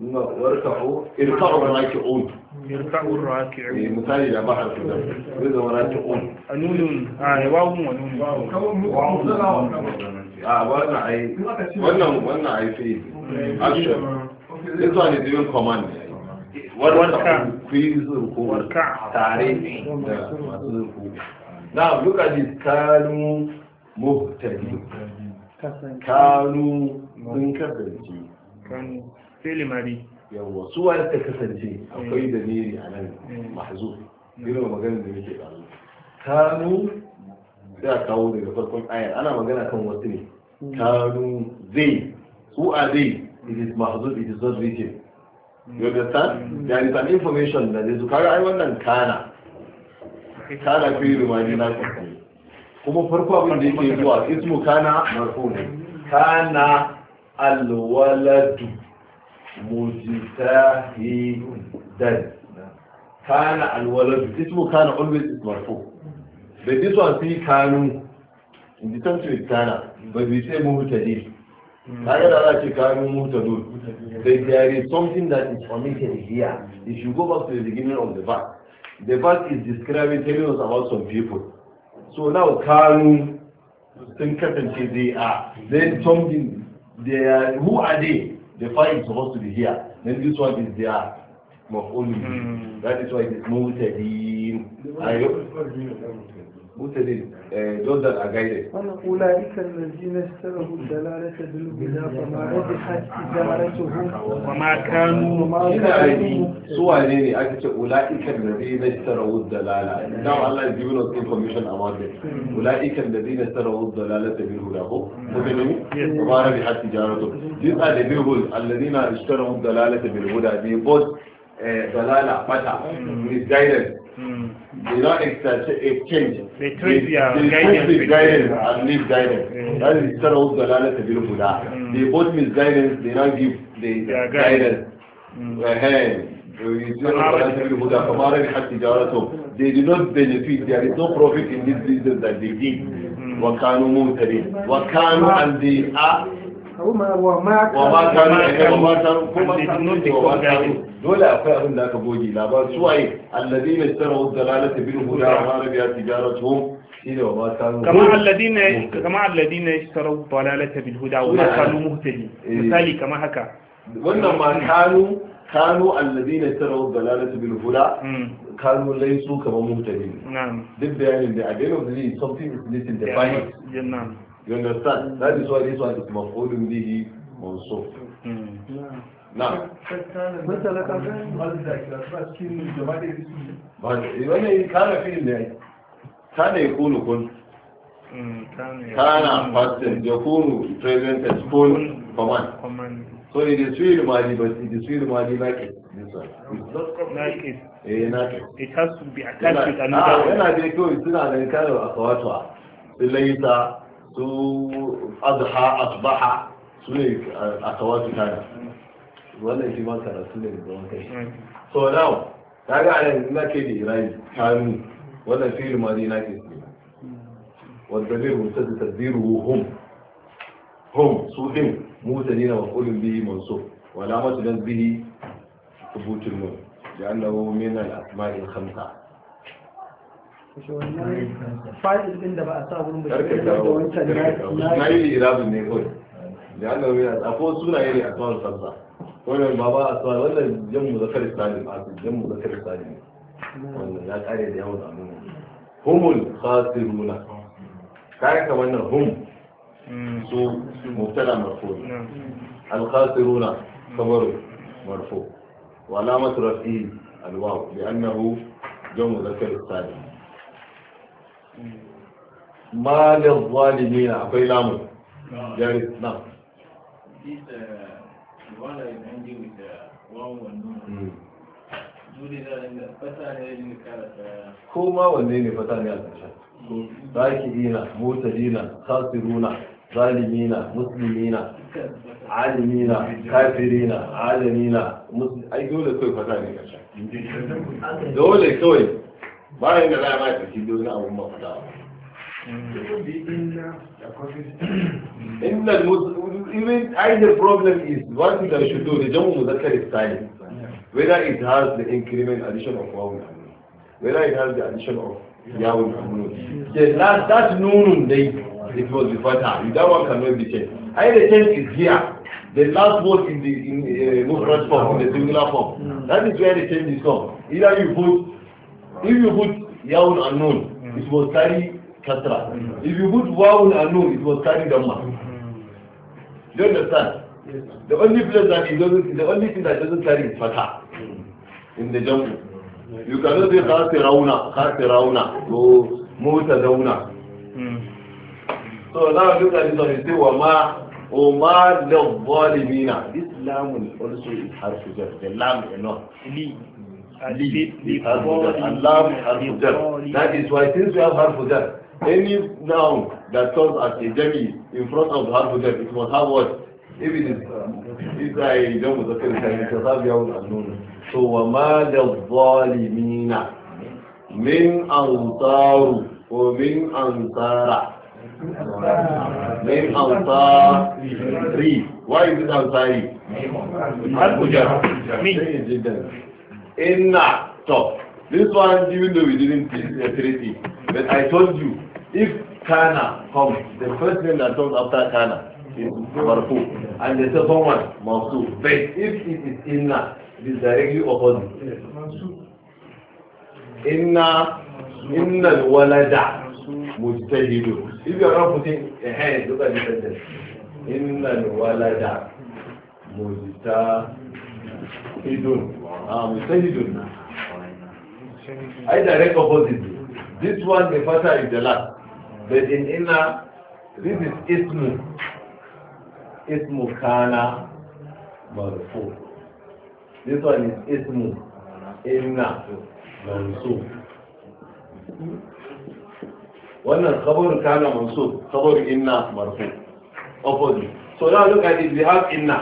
نعم، واركعوا اركعوا الراكعون اركعوا الراكعون يعني مثالي لا ما حرف جر اركعوا الراكعون انون اه واو ونون واو wannan wannan wannan action this one is even command warka ku yi warka tare da masu zurku Na look at this kanu muhtadi kanu sun kasance kanu sai su ta kasance akwai eh. da niri a nan eh. mahzu irin da yake kanu sai a kawo daga farkon ayar ana magana kan wasu ne kanu zai who are they it is mahzub it is not written you understand there is an information that is kaga ai wannan kana kana fi rumani na kuma farko abin da yake zuwa ismu kana marfu ne kana alwaladu mujtahidan kana alwaladu ismu kana always is marfu But this one see Kanu in the country with Kana, but we say Muhtadi. Kaga da But there is something that is omitted here. If you go back to the beginning of the verse, the verse is describing, telling us about some people. So now Kanu sun kasance they are then something they are who are they the fire is supposed to be here then this one is there maf'ul hmm. that is why it is mutadin ayo مهتدين جدا أجايد أولئك الذين اشتروا الدلالة بالهدى فما ربحت تجارتهم وما كانوا وما كانوا سوى نيني أكتش أولئك الذين اشتروا الدلالة now Allah is giving us information about it أولئك الذين اشتروا الدلالة بالهدى مهتدين وما ربحت تجارتهم these are the people الذين اشتروا الدلالة بالهدى they bought دلالة فتح misguidance Mm. They don't exchange. They changing. they, their they guidance, with guidance and leave guidance. Mm. That is Sarah Dalala Tabil Buddha. They both guidance. they now give the guidance. guidance. Mm. they do not benefit, there is no profit in this business that they did. وَكَانُوا مُمْتَرِينَ وَكَانُوا and they are uh, وما وما وما كان وما كان كما كان دولا اخي ابن ذاك الذين اشتروا الضلاله بالهدى وما كانوا مهتدين مثالي كما هكا wannan ma kanu kanu alladina tarawu dalalatu bil hula kanu laysu kama mutadin na'am duk bayanin da a dai wannan You understand? Mm. That is why this one is mafulun bihi mansuf. Mm. Now, but when you kind feel that, كان يكون كن كان present يكون present as كن command so it is fi'l madi but it is fi'l madi like it this one like it eh, like it it has to be attached with ah, another ah when I go it's not an kind of a akhawatwa Later. su azha asbaha su ne a tawatu tana wannan shi ma karatu ne da zaman kai hmm. so now ta ga yanzu na ke da irayi kanu wannan fi'il madi na ke su wanda zai rusa da tadbiru hum hum su din mutanina wa qulun bihi mansub wala lamatu don bihi thubutul nun لأنه من الأسماء الخمسة kashe wannan din da ba a sa wurin bashi da wancan na yi irabin ne kawai da an gaba yana akwai sunaye ne a tsawon sarsa wannan ba ba a tsawon wannan jan muzakar salim a jan muzakar salim wannan ya kare da yawon amina humul khasiruna kare ka wannan hum su mubtada marfu al khasiruna khabar marfu wa alamatu rafi'i al waw li annahu jan muzakar salim malin zalimi na akwai lamun jari na ko ma wanne ne fata ne a ƙarshen hmm. zakirina motarina na, zalimina na, alimina kafirina alimina ai dole kawai fata ne ƙarshen dole kawai bayan da za a mai tsaki da wani abun mafada إن even I the problem is what we should do the جمع مذكر time, whether it has the increment addition of واو whether it has the addition of ياو الحمود the last that noon day it was the before that that one cannot be changed I the change is here the last word in the in uh, form in the singular form that is where the change is come either you put If you put yawun and mm. it will carry kasra. Mm. If you put wawun and it will carry damma. Mm. Do you understand? The only place that it doesn't, the only thing that doesn't carry is fatha in the jungle. You cannot say khasirauna, to muta mutadauna. So now look at this one, you say wama وما للظالمين This lam also is hard to harsh the lamb is not alone leave, leave and That is why since we have harf any noun that comes as a jami in front of harf it must have what? If it is, uh, if I don't know, it must have yawn and nun. So وَمَا لِلظَّالِمِينَ مِنْ أَنْصَارُ وَمِنْ أَنْصَارَ Name Ansari. Why is it Ansari? Al-Fujar. Inna. So, this one, even though we didn't see uh, it, but I told you, if Kana comes, the first name that comes after Kana is Marfu, and the second one, Mansu. But if it is Inna, it is directly opposite. Inna, Inna al-walada mujtahidun. If you are not putting a hand, look at the sentence. Inna al-walada mujtahidun mushahidun um, ai direct opposite this one the father is the last but in inna this is ismu ismu kana marfu this one is ismu inna One is khabar kana mansub khabar inna marfu opposite so now look at it we have inna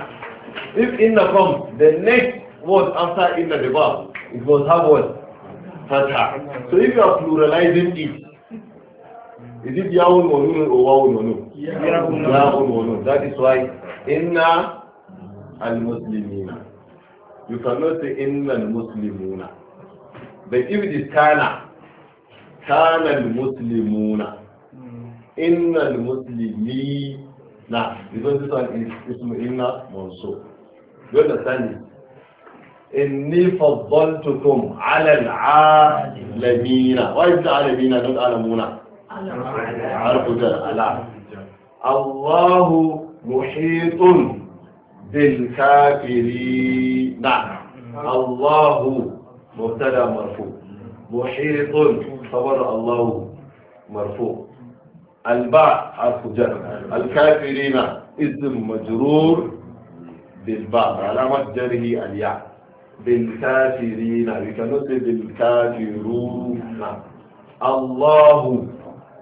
if inna comes the next was after in the verb, it was have was. So if you are pluralizing it, is it yaun or nun or waun or nun? or That is why inna al-muslimina. You cannot say inna al-muslimuna. But if it is kana, kana al-muslimuna. Inna al-muslimina. Because this one is ismu inna mansur. You understand it? إني فضلتكم على العالمين وإذ العالمين نقول العالمون الله محيط بالكافرين نعم. الله مبتدا مرفوع محيط خبر الله مرفوع الباء حرف جر الكافرين اسم مجرور بالباء علامة جره الياء بالكافرين we cannot say بالكافرون الله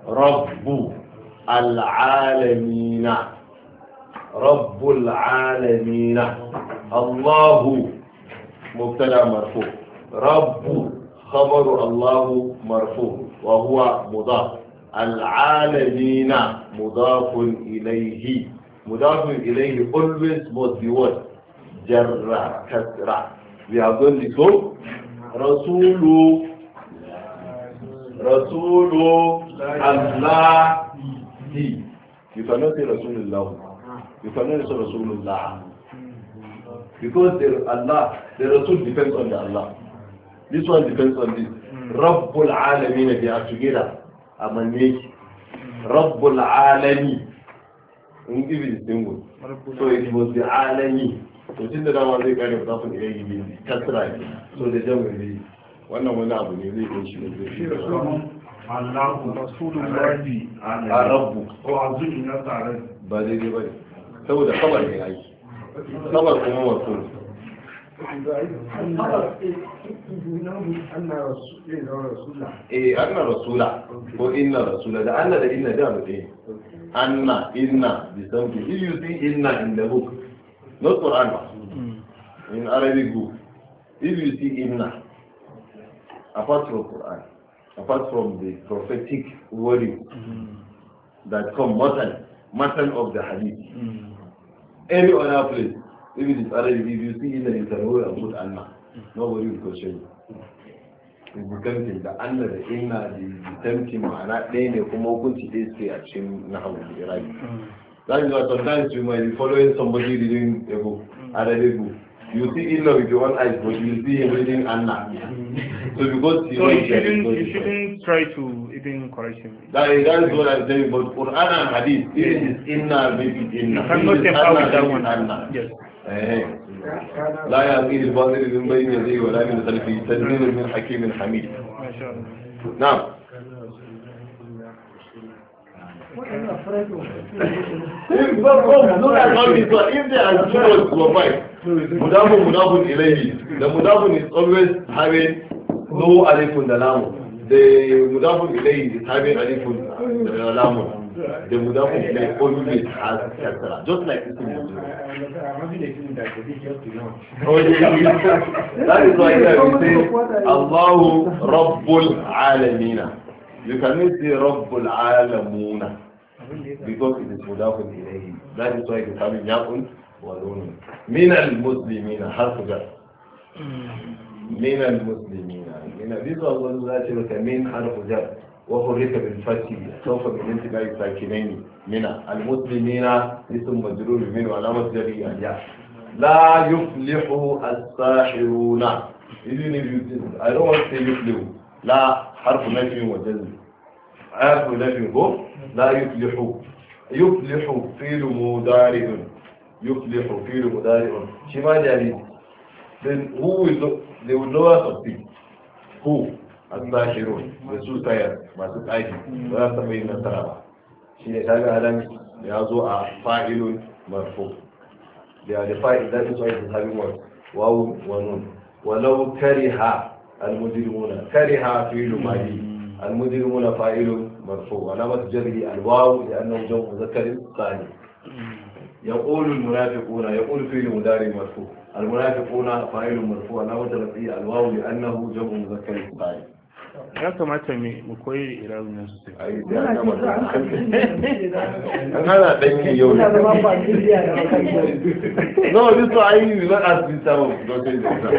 رب العالمين رب العالمين الله مبتدا مرفوع رب خبر الله مرفوع وهو مضاف العالمين مضاف إليه مضاف إليه always must be what جر كسرة بأظلكم رسول رسول الله You cannot say Rasulullah. You cannot say Rasulullah. Because Allah, the Rasul depends on the Allah. This one depends on this. Rabbul na biya are a manneki Rabbul Alami. Even the single. So it was the Alami. to tun da dama zai kare mutafin ilayi ne kasira ne so da jan gari wannan wani abu ne zai kai shi ne. zai shi Allahu Rasulullahi a Rabbu ko a zuci na tsarar ba daidai ba ne saboda kabar ne ai kabar kuma wato eh anna rasula ko inna rasula da anna da inna da mutum anna inna bi sauki il see inna in the book not Quran but in Arabic book. If you see Inna, apart from Quran, apart from the prophetic wording mm. that come matan, matan of the hadith, mm. any other place, if it is Arabic, if you see Inna, it's a word of good Anna. Nobody will question you. rubutankin da Allah da ina da tamkin ma'ana ɗaya ne kuma hukunci ɗaya suke a cikin nahawu da iraki That is why sometimes you might be following somebody reading a book, mm. another book. You see Enoch with your own eyes, but you see him reading Anna. so because so you shouldn't, you shouldn't try to even correct him. That is, that is what I'm saying. But for Anna and Hadith, if it is Inna, maybe it's Inna. You cannot temper with that one. Anna. Yes. لا يأتي الباطل من بين يديه ولا من خلفه تنزيل من حكيم حميد Now. Mudafun mudafun ilayhi. The mudafun is always having no alifun da The mudafun ilayhi is having alifun da The mudafun ilayhi always has kasra. Just like this Oh yeah. That is why we say Allahu Rabbul Alamina. You cannot say Rabbul Alamuna. because it is mudafun ilayhi that is why it is having yaqun wa nunun min al muslimin har min al muslimin min al bisa wannan za ce maka min har su ga wa hurrika bil fati sawfa bil intibai sakinaini mina al muslimin ism majrur min wa alamat jariya ya la yuflihu al sahiruna idin I don't want to say yuflihu la harfu nafi wa jazm آكل منهم لا يفلح يفلح فيل مدارع يفلح فيل مدارع شما جالي then who will know they will know something who الناشرون رسول تيار ما سوك ايدي ولا تبين نترابا شيني شاك هلان يازو فاعل مرفوع they are defined that is why it is having words واو ونون ولو كره المدرمون كره فيل مالي المدرمون فاعل مرفوع علامة جره الواو لأنه جو مذكر ثاني يقول المنافقون يقول في مدار مرفوع المنافقون فاعل مرفوع علامة رفعه الواو لأنه جو مذكر ثاني ya kamata mu koyi iranin su sai an hana ɗanke yau ne no this one i will not ask this time of nothing this time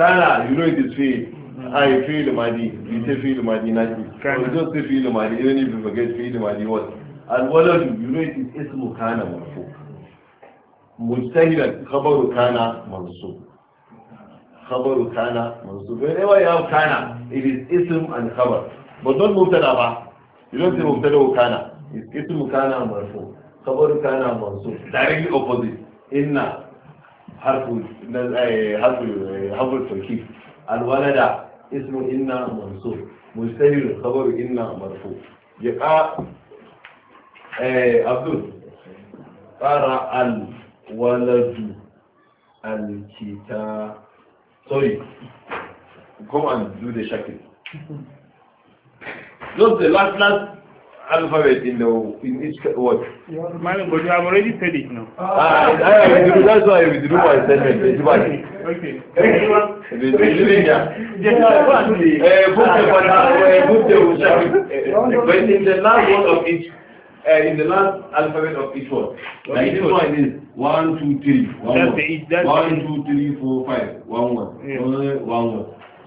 i will not ask ai fi'il madi you say fi'il madi naki or you just say fi'il madi even if you forget fi'il madi what you know ismu kana marfu mujtahidan khabaru kana mansub khabaru kana mansub whenever you have kana it is ism and khabar but not mubtada ba you mubtada kana ismu kana marfu khabaru kana mansub directly opposite inna harfu eh, harfu eh, harfu ismu inna mansur mustahil khabaru inna marfu ya ka eh abdul qara al waladu al kita sorry come and do the shakil just the last last alphabet in the in each word. Madam, but you have already said it now. Ah, I withdrew. That's why I withdrew my statement. It's bad. Okay. But eh, eh, in the last word of each, uh, in the last alphabet of each word, like this one is one, two, three, one word. One, two, three, four, five, one One One word.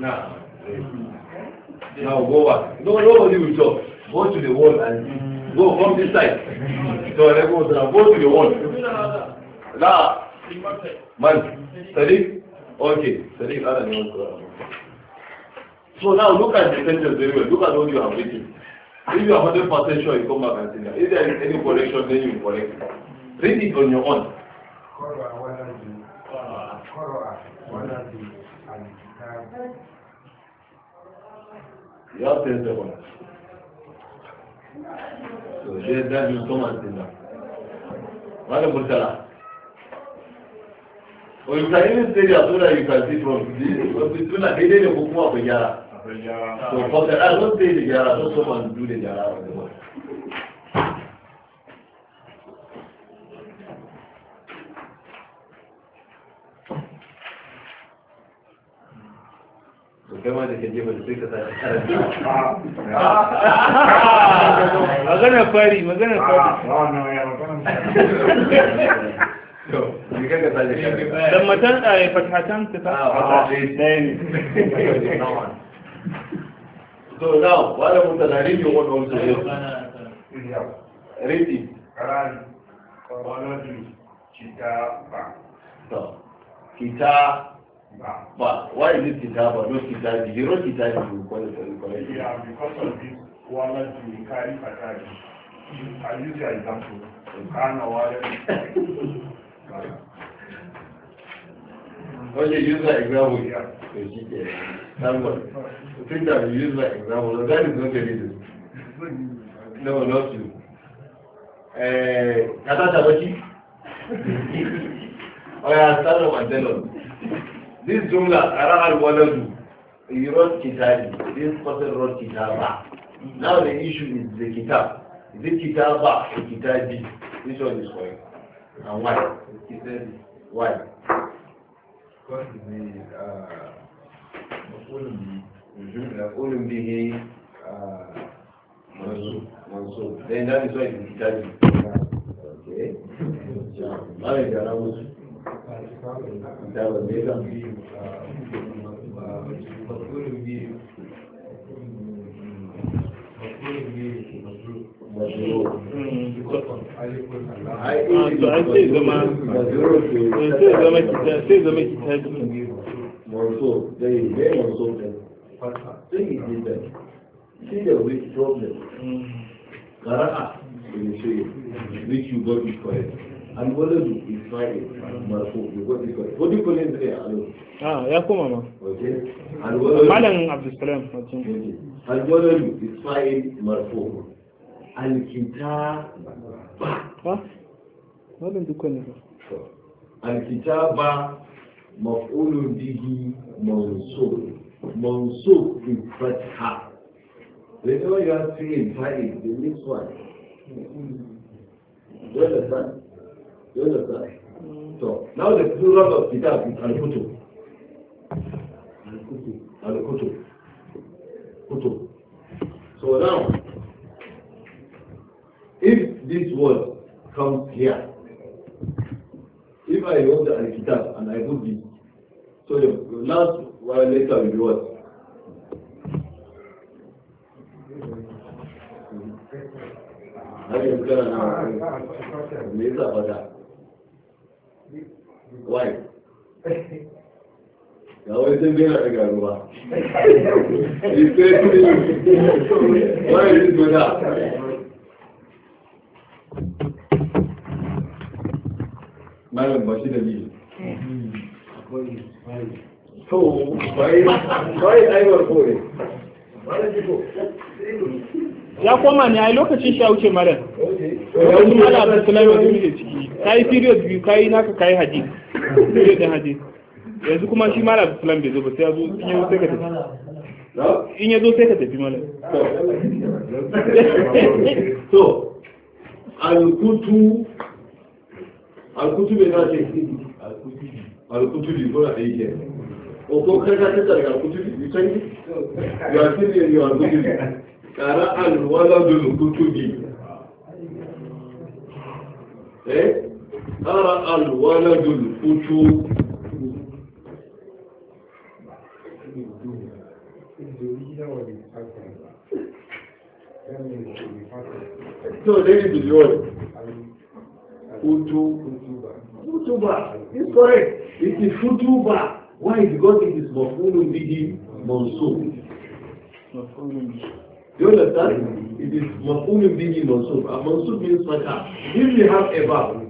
Now, now go back. No, nobody will talk. Go to the wall and go from this side. So I go down. Go to the wall. Now, man, Sadiq. Okay, Sadiq, So now look at the sentence very well. Look at what you have written. If you are hundred percent sure, you come back and see that. If there is any correction, then you correct Read it on your own. ya sai da ba to je da ni to din da wala mutala o yi sai ne sai ya tura yi kan from di ko tuna dai dai ko kuma ko yara to fa da an sai da yara to so man du da yara da كما تكجيب الفكرة مغانا فاري مغانا فاري لما تلقى فتحتان تفتح نوعا So now, what about the reading you want also here? Reading. Quran, chitaba. So, kitaba. But why is it Kitab or not Kitab? You wrote Kitab, you call it correction. Yeah, because of this, one that to carry Fatah. I use your example. Kana Wallet. Okay, use that example. Yeah. Somebody. Think that you use that example. That is not a reason. No, not you. Kata Sabaki? Oya, start up and tell us this jumla qara'a al-waladu he wrote kitabi this person wrote kitaba now the issue is the kitab is it kitaba or kitabi which one is correct and why kitabi why because the uh, مفعول به مفعول uh منصوب منصوب then that is why it's kitabi okay da ba zai ga sai zama kitabi morso zai zai morso din sun yi jidan shi da with problem ƙara'a da shi which you got alwaladu is fa'il marfu you got this correct what do you call it there alwaladu ah ya koma ma okay alwaladu malam abdulsalam okay alwaladu is fa'il marfu alkitaba ha wannan dukkan ne alkitaba maf'ulun bihi mansub mansub bi fatha whenever you are saying fa'il the next one you understand You understand? So now the plural of kitab is al kutub. Al kutub. Kutub. So now, if this word comes here, if I hold the al kitab and I put this, so the last word later will be what? How do you now? Me is wai ga wani sun da garuwa malam ba shi da biyu bai bai aiwar kore ya koma ne a lokacin shi ya wuce malam yanzu malam abin sulaiman da muke ciki ka yi serious biyu ka yi naka ka yi hadith zai ta haji yanzu kuma shi malam islam bai zo ba sai ya zo in sai ka tafi in sai ka tafi so alkutu alkutu bai za ce alkutu bi kuna da yake ko kai ka alkutu bi can ya fi alkutu bi kara alwala Alkutu eh قرأ الولد الفتو No, ladies and gentlemen, Utu, Utuba. It's correct. It is Utuba. Why? Because it is Mafunu Bihi Monsoon. Do you understand? It is Mafunu Bihi Monsoon. And Monsoon means matter. If we have a verb,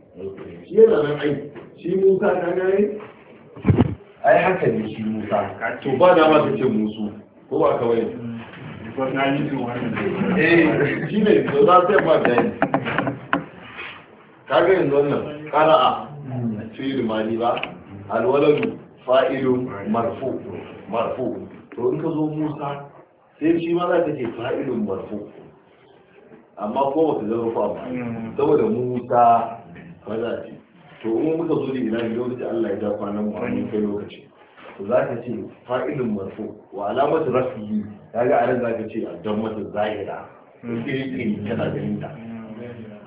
shi yana nan ai shi musa ta gane ai haka ne shi musa to ba da ma ce musu ko ba ka wani eh shi ne to za ta ba da ni kaga yanzu wannan a fi rumani ba alwaladu fa'ilu Marfo. Marfo, to in ka zo musa sai shi ma za ta ce fa'ilun Marfo. amma ko ba zama fa ba hmm. saboda musa maza ce to in muka zo da ilahi lokacin Allah ya da kwanan mu an kai lokaci to za ka ce fa'ilun marfu wa alamatu rafihi kaga a nan za ka ce mata zahira kiri hmm. tana ganin ta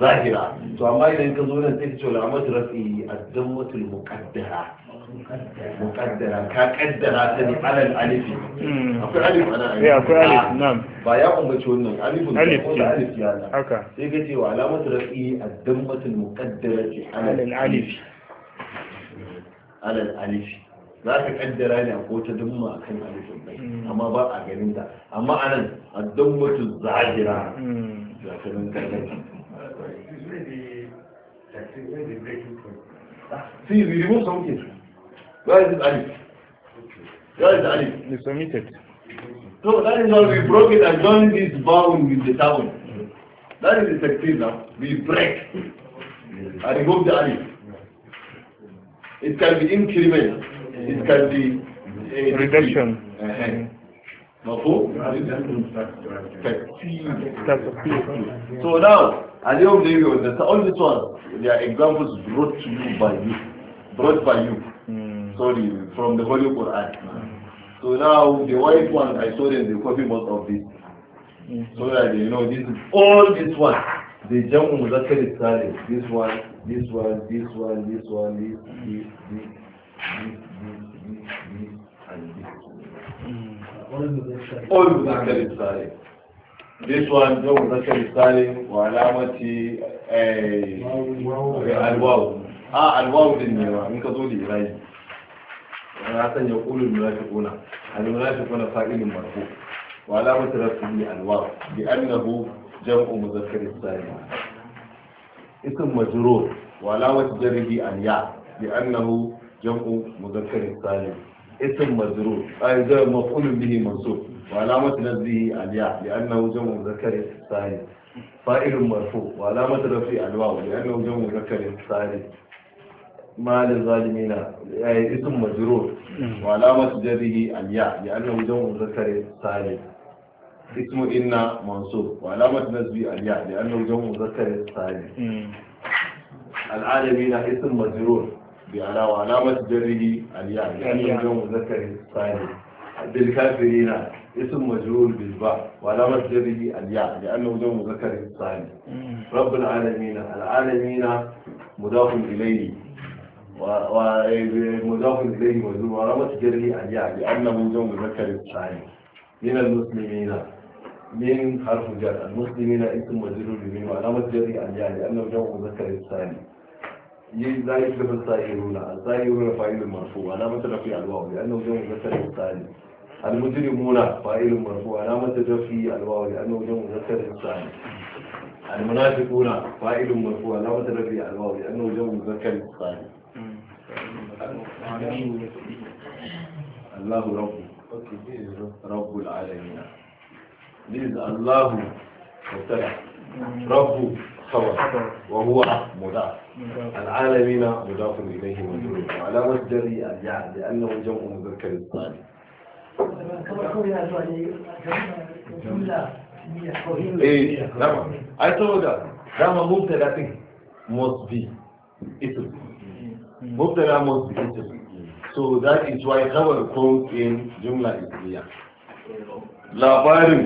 zahira to amma idan ka zo nan sai ka ce alamatu rafihi mata muqaddara muqaddara ka kaddara ta ne alal alif hmm. akwai alif ana eh, alif akwai alif na'am ba ya umarci wannan alif alif ce alif ya haka sai ka ce wa alamatu rafi addammatul muqaddarati alal alifi. alal alifi. za ka kaddara ne a ko ta dumma akan alifin bai hmm. amma ba a ganin ta amma anan addammatu zahira hmm. ga kanin kaddara See, we remove something. Where is it alif? Where is alif? They submitted. So that is why we broke it and joined this bound with the town. That is the success now. We break and remove the alif. It can be increment. It can be uh, reduction. Uh -huh. So now, at the end of the day, all these ones, they are examples brought to you by you, brought by you. Mm sorry, from the Holy Quran. So now the white one, I saw in the copy most of this. So that you know, this all this one, the jamu muzakkar is silent. This one, this one, this one, this one, this, this, this, this, this, this, and this. All muzakkar is silent. This one, jamu muzakkar is silent. Wa alamati eh, al-waw. Ah, al-waw din ne You in ka zo right. ana sanya ya munafiquna al munafiquna fa'ilun marfu wa alamatu rafihi al waw bi annahu jam'u muzakkar salim ism majrur wa alamatu al ya bi annahu jam'u muzakkar salim اسم مجرور اي ده مفعول به منصوب وعلامه نصبه الياء لانه جمع مذكر سالم فاعل مرفوع وعلامه رفعه الواو لانه جمع مذكر سالم ما للظالمين أي اسم مجرور نعم. وعلامة جره الياء لأنه جو مذكر سالم اسم إن منصوب وعلامة نسبه الياء لأنه جو مذكر سالم نعم. العالمين اسم مجرور وعلامة جره الياء لأنه جو مذكر سالم بالكافرين اسم مجرور بالباء وعلامة جره الياء لأنه جو مذكر سالم نعم. رب العالمين العالمين مضاف إليه ومضاف إليه وزمارة جره عن يعني لأنه زوج ذكر الثاني من المسلمين من حرف جر المسلمين اسم وزير لمن وعلامة جره عن يعني لأنه زوج ذكر الثاني لا يشرف السائرون السائرون فاعل مرفوع علامة رفيع الواو لأنه جمع ذكر الثاني المجرمون فاعل مرفوع علامة رفيع الواو لأنه جمع ذكر الثاني المنافقون فاعل مرفوع علامة رفيع الواو لأنه جمع ذكر الثاني العالمين الله رب رب العالمين لذ الله مبتدع رب خبر وهو مضاف العالمين مضاف اليه مجرور وعلى مصدر الياء لانه جمع مذكر الصالح ايه نعم اي تودا نعم مبتدا مصبي اسم مبتدا مصبي اسم so that is why khabar comes in jumla ismiya labarin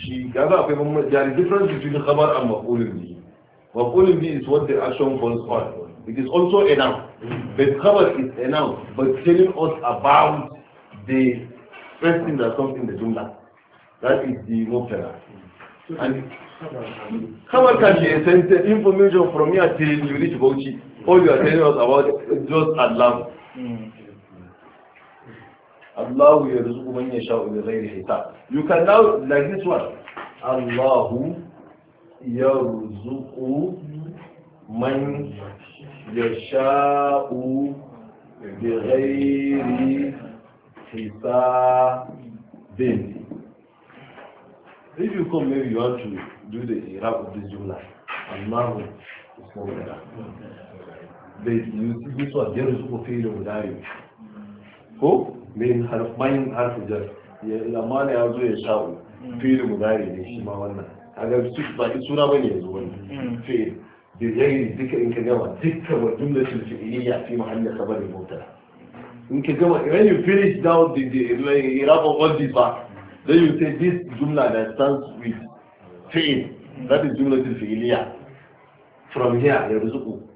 shi kaga akwai bambanci there is difference between khabar and maf'ulun bihi is what the action falls on it is also a noun but khabar is a noun but telling us about the first thing that comes in the jumla that is the mubtada and khabar can be a sentence information from here till you reach Bauchi all you are telling us about just Allah Allah ya rizuku man ya sha'u bi ghairi hisab you can now like this one ya rizuku man ya sha'u bi ghairi if you come maybe you want to do the iraq of this بيسوى يرزق فيه لولاي هو من حرف مين حرف جر لما لا يزو يشاو فيه لولاي ne shi ma wannan kaga su ba ki sura bane yanzu wannan fi'il بغير الذكر إن كجمع ذكر والجملة الفعلية في محل خبر المبتدا إن كجمع when you finish down the the إرادة all these back then you say this جملة that starts with فعل that is جملة الفعلية from here يرزقه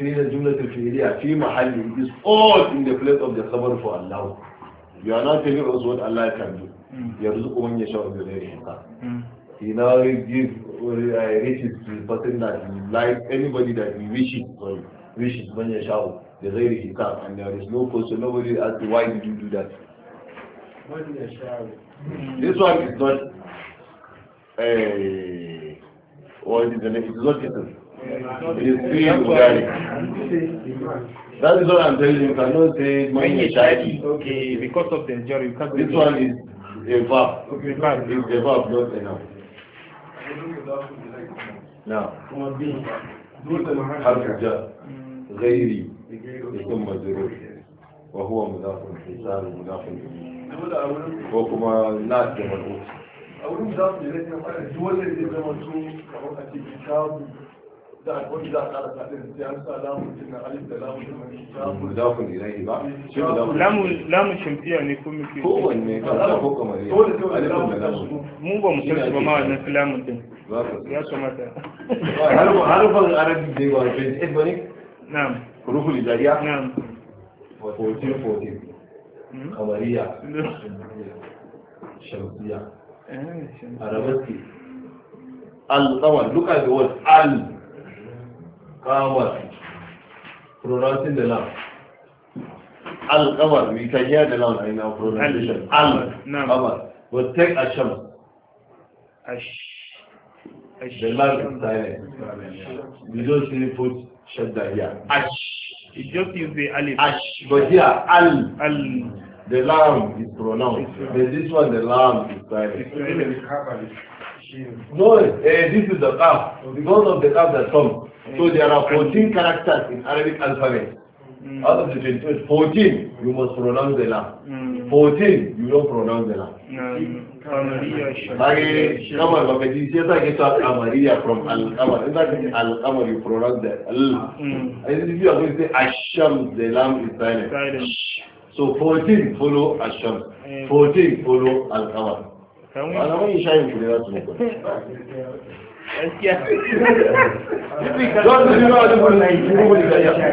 sai da jumla tafiliya fi mahalli is all in the place of the khabar for Allah you are not telling us what Allah can do yarzuqu man yasha bi ghairi hisab he now gives uh, riches to the person that he likes anybody that he wishes sorry wishes man yasha bi ghairi and there is no question nobody asks why did you do that this one is not uh, what is the name? It is not Islam. It is That is what I'm telling you. You cannot say money is Okay, because of the injury. This one is a verb. Okay, it's a verb, not enough. Now, حرف جاء غيري اسم مجرور وهو مضاف حسان مضاف وكما ناس منقوص أو مضاف da ne za a ƙara saɗin sai an sa ba ba ba ma wannan lamun din ya kamata harfan hmm? eh, al qawar pronouncing the noun al qawar we can hear the noun in our pronunciation al qawar but take asham ash the lamb is silent We don't really put shadda here ash you just use the alif ash but here al al the lamb is pronounced. But this one, the lamb is silent. No, uh, this is the calf. Because of the calf that comes. So there are 14 characters in Arabic alphabet. Hmm. Out of the 22, 14 you must pronounce the la. 14 hmm. you don't pronounce the la. Kage kamar ba kaji sai kamariya from al-kamar. In za al-kamar you pronounce the l. Hmm. And if you are going to say asham the lam is silent. So 14 follow asham. 14 follow al-kamar. Alamun shayin ku ne za su gaskiya dole ne ba da wallahi ko da ya na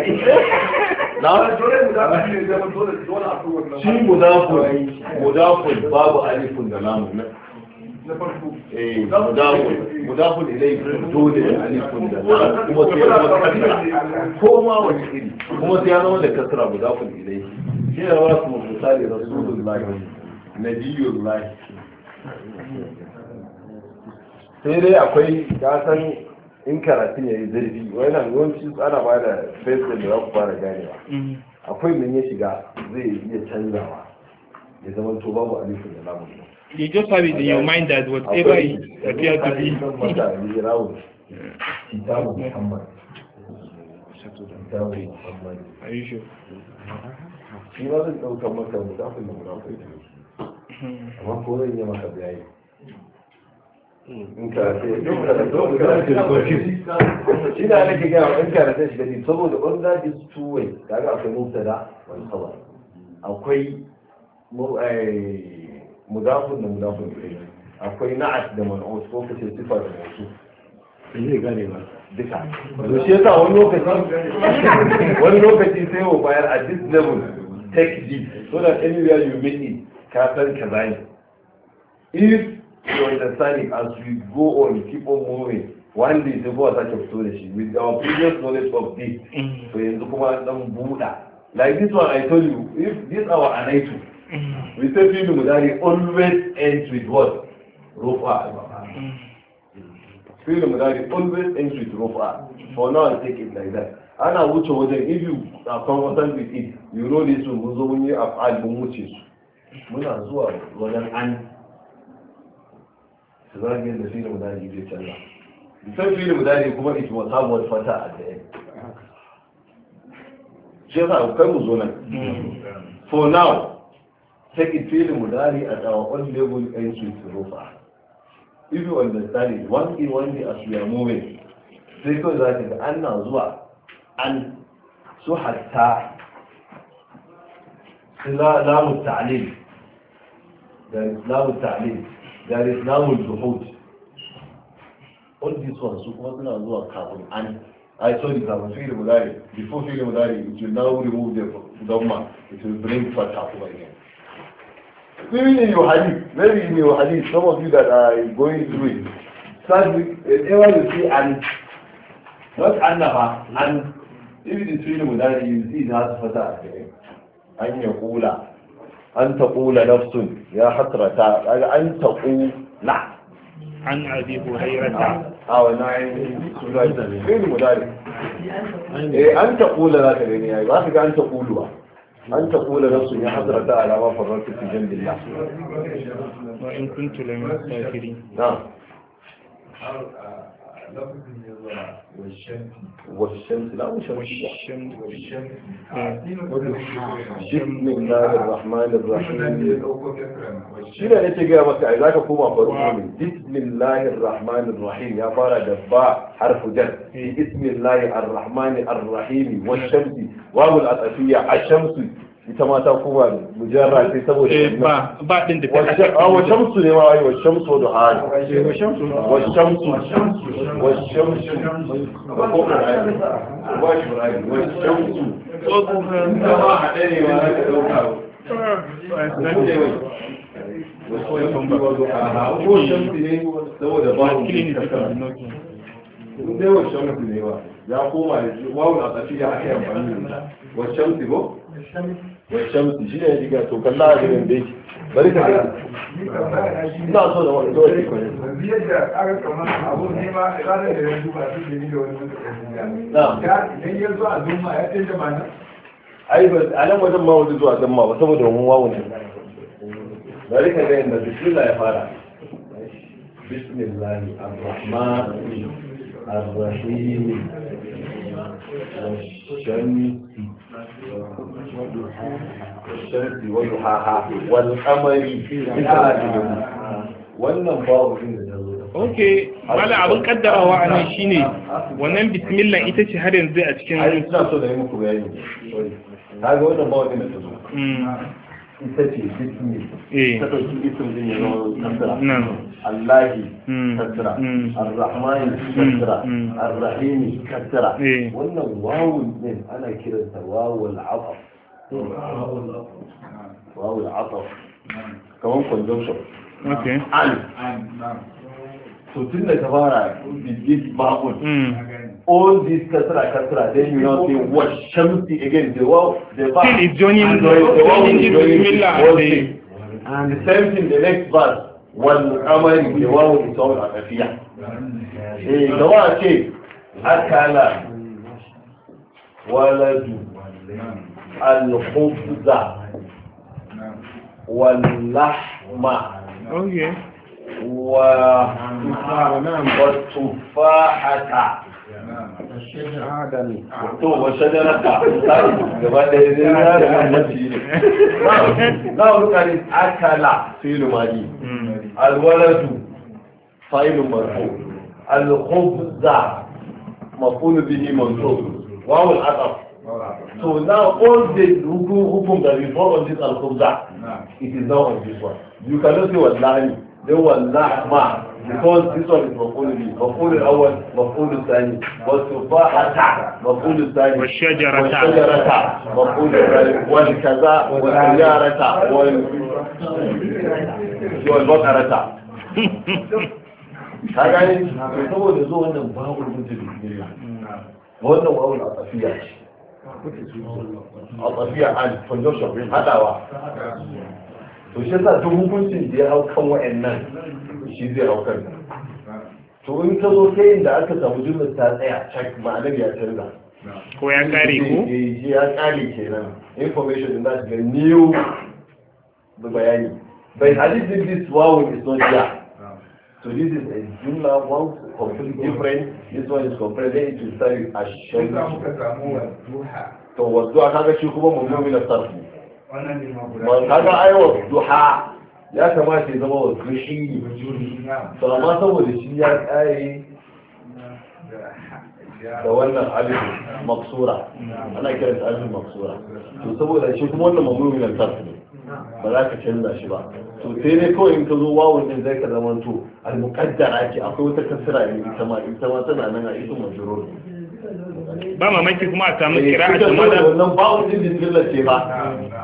shi mudafun mudafun babu alifun da kuma sai ya zama kasra ko ma wani iri kuma sai ya zama da kasra mudafun ilayhi shi ne ba su misali rasulullahi nabiyullahi sai dai akwai gasan in karatun ya yi zurfi wannan yawanci ana ba da facebook da za ku fara ganewa mm. akwai mun ya shiga zai iya canzawa ya zama to babu alifin da lamun you just have it in your mind that whatever it appears to be kitabu muhammad kitabu muhammad are mu sure shi ba zan ɗaukar maka mutafin da munafai mm-hmm. amma ko zan yi maka bayani in karatu shi da nake gaya in saboda on that is two way kaga akwai mubtada wal khabar akwai eh, mudafun da mudafun akwai na'at da man'ut ko kace sifa da mawsuf zai gane ba duka to shi yasa wani lokaci wani lokaci sai wa bayar a this level take deep so that anywhere you meet it ka san kaza if you understand as we go on, keep on moving. One day sai kuma sake fito da with our previous knowledge of this. To yanzu kuma dan buɗa. Like this one I told you, if this our anaitu, mm. we say fi mudari always ends with what? Rufa. Fi mudari mm. always ends with Rufa. For now I take it like that. ana wuce wajen if you are conversant with it you know this mun zo mun yi af'al mun wuce su muna zuwa wajen an zagin da fi da mudari zai canza bisan fi da mudari kuma ita wa sabuwar fata a da yan shi yasa kai mu zo nan for now take it fi da mudari at our own level and to rufa if you understand it one day one day as we are moving sai kawai za ka ga an na zuwa an su hatta su lamu ta'lil da lamu ta'lil there is now hold all these ones suna zuwa kafin and I told saw this happen fi'il mudari before fi'il mudari it will now remove the dhamma it will bring fatha again Maybe in your hadith, maybe in your hadith, some of you that are going through it, start with, whenever you see and not annaba, And if in Sweden with that, you see it has fatah, your yakula, أن تقول نفس يا حسرة يعني أن تقول لا نعم. عن أبي هريرة أو آه، نعم فين مدارك إيه، أن تقول لا تريني يعني ما أن تقولوا أن تقول نفس يا حسرة على ما فرطت في جنب الله وإن كنت لمن الكافرين نعم والشمس لا والشمس بسم الله الرحمن الرحيم شنو ne ke gaya maka za ka koma faru ne bismillahir rahmanir rahim ya fara da ba harfu jar bismillahir rahmanir rahim wa shamsi wa al shamsi ita ma ta kuma mujiyar rafi saboda eh, ba ba din da ta a wa ah, shamsu ne ma wai wa shamsu da hali wa shamsu wa shamsu wa shamsu wa wa wa shamsu ko da ba wa dauka wa shamsu ne wa ya koma da a tafiya amfani da shamsi ya shamsu shi ne ya to kalla a da yake bari ka na so da wani zuwa cikin wani aka abu ne ma ranar da yanzu ba su da wani ya idan ya zuwa zuma ya ai ba a nan wajen ma wajen zuwa zuma ba saboda wani ne bari ka gani da bismillah ya fara bismillah ar-rahman ar-rahim والشمس وضحاها والقمر wannan babu ok wala abin kaddarawa a nan shine wannan bismillah ita ce har yanzu a cikin ayyuka so da yi muku bayani kaga wannan babu din da ta zo hmm. ita ce ismi ta ɗauki ismi din yano kasira allahi kasira arrahmani kasira arrahimi kasira wannan wawun din ana kiranta wawul ataf wawul ataf kamar conjunction an to tun da ta fara bigit babun all these kasra kasra, then you know say what shamsi again, the wow, the bar. is joining and the, wow is joining the thing. And the same thing, the next verse, والعمل the wow is all عافية. إيه دواء شيء أكل ولد الخبز واللحم. Okay. والتفاحة adami to wa shajara ta gaba da yadda ya da mamaci ne na wukari akala filu mali hmm. alwaladu fa'ilu marfu alkhubza mafulu bihi mansub wawu al So now all the hukum that we follow on this al it is now on this one. You cannot say they nama lahma because this one is مفعول به مفعول الأول مفعول الثاني والتفاحة مفعول الثاني والشجرة والشجرة مفعول الثالث والكذا والسيارة والبقرة ka gane saboda zo wannan babu mutum ne wannan wawul a tafiya ce a tafiya a conjunction hadawa to shi sa duk hukuncin da ya hau kan nan? shi zai hau kan to in ka zo yin da aka samu jirgin ta tsaya cak ma'anar ya canza ko ya kare ko eh, eh, ya kare kenan information in that the new the bayani but hadith did this wow is not there so this is a jumla one completely different this one is completely to will start with ashan to wadduha kaga shi kuma mummumin sarfi kaga ai wa duha ya kamata ya zama wa duhi to amma saboda shi ya kare da wannan alif maksura ana kiran ta alif maksura to saboda shi kuma wannan mamuru ne tar ba za ka canza shi ba to sai dai kawai in ka zo wawon din zai ka zama to al muqaddara ce akwai wata kasira ne ita ma ita ma tana nan a ismu majrur ba mamaki kuma a samu kira'a da wannan babu izin ce ba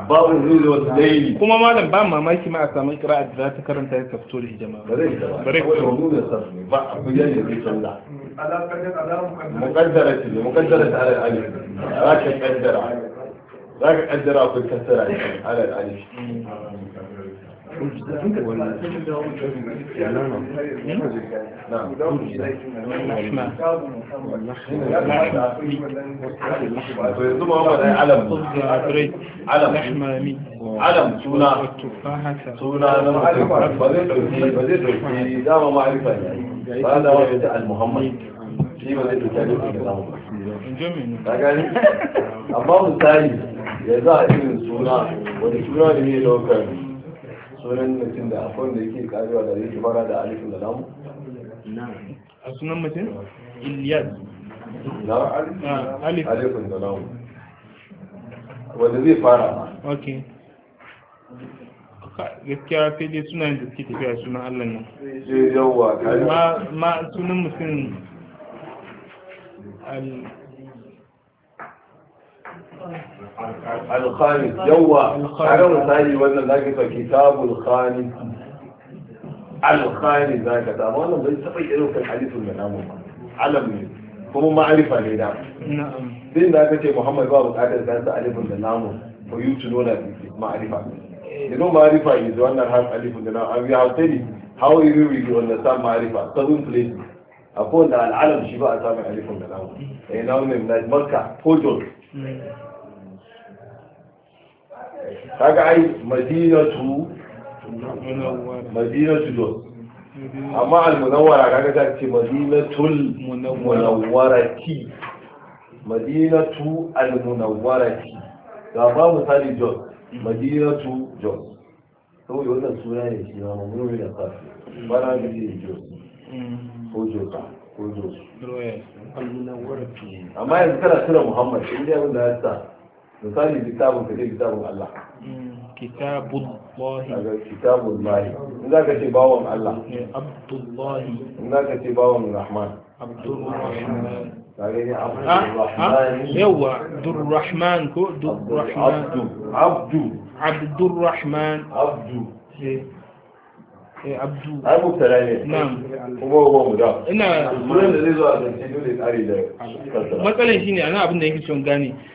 babu zuwa laili kuma malam ba mamaki ma a samu kira'a da za ta karanta ya kafto da hijama ba zai ba bare ko nuna sarfi ba a kuyar da zai mu muqaddara ce mu muqaddara ta ala ali za ka kaddara za ka kaddara ku kasara ala alif فيضم هم علم علم علم سونا سونا بديت في دام معرفة يعني فهذا هو المهمة في بديت في amma misali ya za a irin suna wani suna ne ne lokacin sunan mutum da akwai da yake karewa da yake fara da alifin da lamu a sunan mutum iliyas na ah, ah, alifin da lamu wanda zai fara ma ok gaskiya sai dai suna da suke tafiya sunan allah nan eh, yawa ma sunan mutum alkhamis yawwa kaga misali wannan zaki ka kitabul khamis alkhamis zaka ta amma wannan bai taba irin kan hadisin da namu alam ne kuma ma'arifa ne da sai da aka ce muhammad ba bukatar kansa alifin da namu for you to know that ma'arifa eh. you know ma'arifa is one that has alifin da namu and we have said it how you will understand ma'arifa seven places a akwai da al'alam shi ba a samun alifin da namu mm. eh namu ne na makka ko jordan mm. kaga ai madinatu madinatu do amma al-munawwara kaga ta ce madinatul munawwarati madinatu almunawwarati ga ba misali do madinatu to yau da suna ne shi ma mun da ka ba na ga ce jos ko ka, ko jos amma yanzu kana tura muhammad inda abin da ya sa نصلي كتاب في كتاب الله كتاب الله كتاب الله هناك تباوى الله عبد الله هناك تباوى الرحمن عبد الرحمن عبد الرحمن عبد الرحمن عبد عبد عبد الرحمن عبد عبد عبد نعم هو هو مدا انا مثلا اذا انت تقول لي اريد مثلا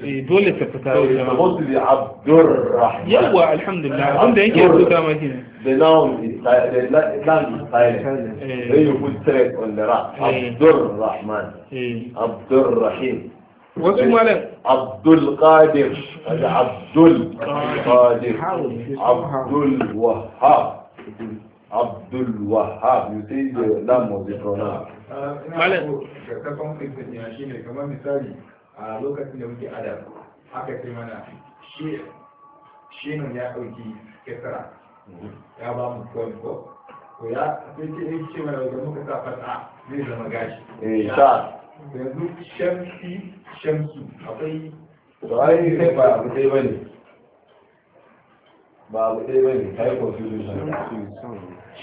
dole ta fita wajen wasu da abdurrahman yawa alhamdulillah wanda yake yanzu dama shi ne the noun is silent then you put stress on the ra abdurrahman abdurrahim wasu malam abdul qadir da abdul qadir abdul wahab abdul wahab you say the lam was the pronoun malam ka san kuma ne kamar misali a lokacin da muke adam aka ce mana shinun ya ɗauki kisra ya ba mu kwan ko ko ya ce in ce mana da muka sa fata zai zama gashi eh sha yanzu shamsi shamsu akwai to ai sai ba abu dai bane ba abu dai bane kai confusion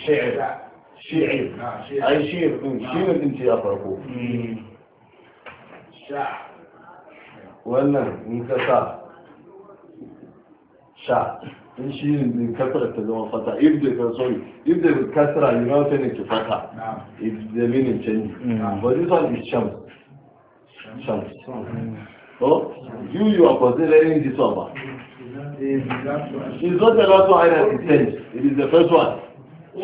shi'r shi'r ah, ai shi'r din shi'r din ce ya farko hmm. sha wannan in ka sa sha in shi ne kasra ta zama fata if the uh, sorry if the kasra you know turn into fata if the meaning change but this one is shams shams mm. so you you are considering this one ba? is not the last one that is changed it is the first one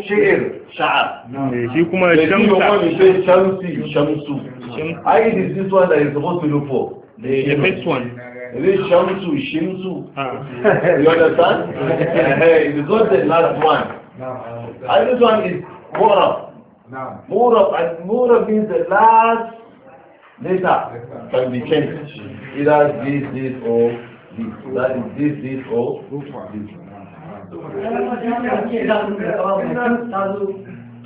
shi'ir sha'ar eh, shi kuma shamsa shi kuma shamsi shamsu i it is this one that is supposed to look for the, first one. Is it Shamsu, ah. you understand? hey, it's not the last one. and this one is Murab. No. Murab, and Murab means the last letter can be changed. Either this, this, or this. That is this, this, or this.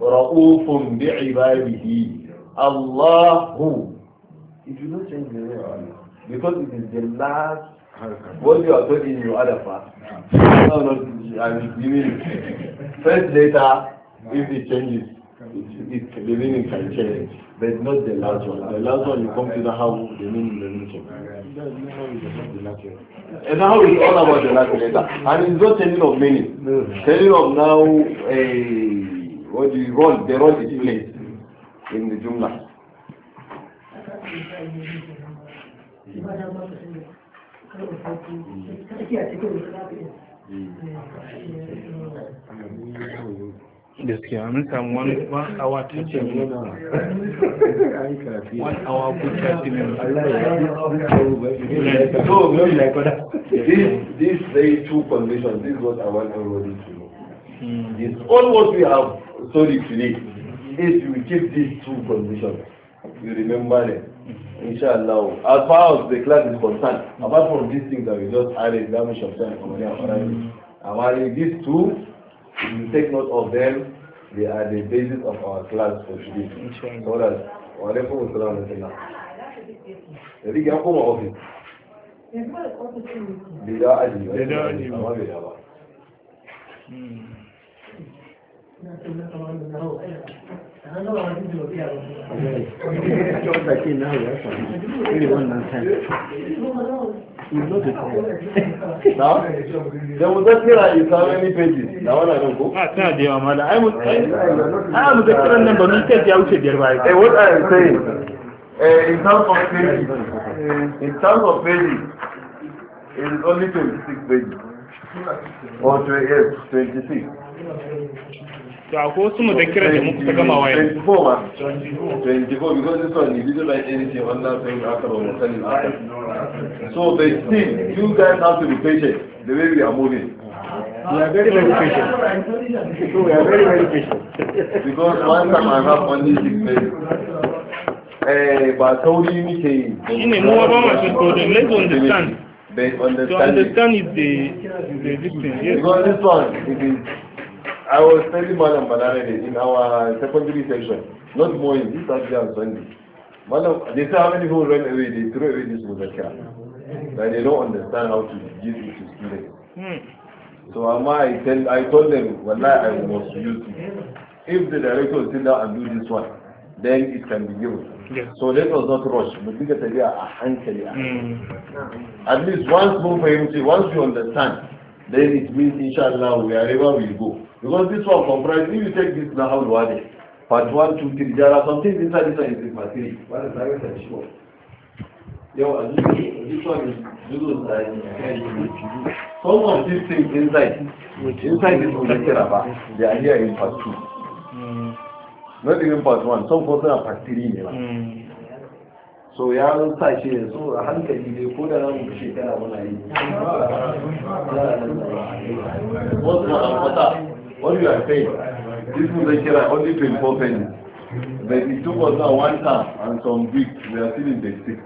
Ra'ufun bi'ibadihi. Allahu. If you don't change the way because it is the last what you are talking in your other part. No, no, I'm giving First letter, if it changes, it, it, the meaning can change, but not the last one. The last one, you come to the house, the meaning will not change. And now it's all about the last letter. And it's not telling of meaning. Telling of now a... Uh, eh, what do you roll? The role is placed in the jumla. Yes, mun samu wani one hour to ce one hour to thirty oh, this this very two conditions this is what i want everybody to know mm. it's all what we have sorry today if you keep these two conditions you remember them inshallah as far as the class is concerned apart from these things that we just added that much of time for them these two if you take note of them they are the basis of our class for today so that wa alaikum assalam wa rahmatullah yanzu ya koma office bai da aji ba bai da aji ba now, Now? that say you have any pages? Now I don't go. Ah, tell the mother. I would. I am the current number. Me take the outside there, right? Hey, what I am saying. Uh, in terms of pages, in terms of pages, it is only 26 pages. Or 28, 26 to akwai da muku ta gama waya 24 ma 24 because this one you like anything on that thing after or mortality after so they see, you guys have to be patient the way we are moving We are very, very patient. So we are very, very patient. because one time I have only six days. Eh, but sauri muke yi. Shi ne mu let's understand. To understand is the, the thing. Yes. Because this one, it is I was telling Madam Banane in our secondary section, not more in this Saturday and Sunday. Madam, they say how many who ran away, they threw away this Muzakka. Like they don't understand how to give it to students. Hmm. So Amma, I, tell, I told them, Wallah, I must use it. If the director will sit down and do this one, then it can be given. Yeah. So let us not rush. But we get a handkerchief. Hmm. At least once more for him, once you understand, then it means inshallah wherever we go. Because this one comprises, if you take this Nahal Wadi, part one, two, three, there are some things inside this one is material. What is that? I'm sure. Yo, and this one is Zulus uh, and Some of these things inside, inside this Muzakiraba, they are here in part 2. Mm. Not even part one. some of them are part three, 3. so ya sa shi ne so a hankali dai ko da nan ku shekara muna yi wasu na alfata what you are paying this was like only 24 pennies but it took us now one time and some big, we are still in the six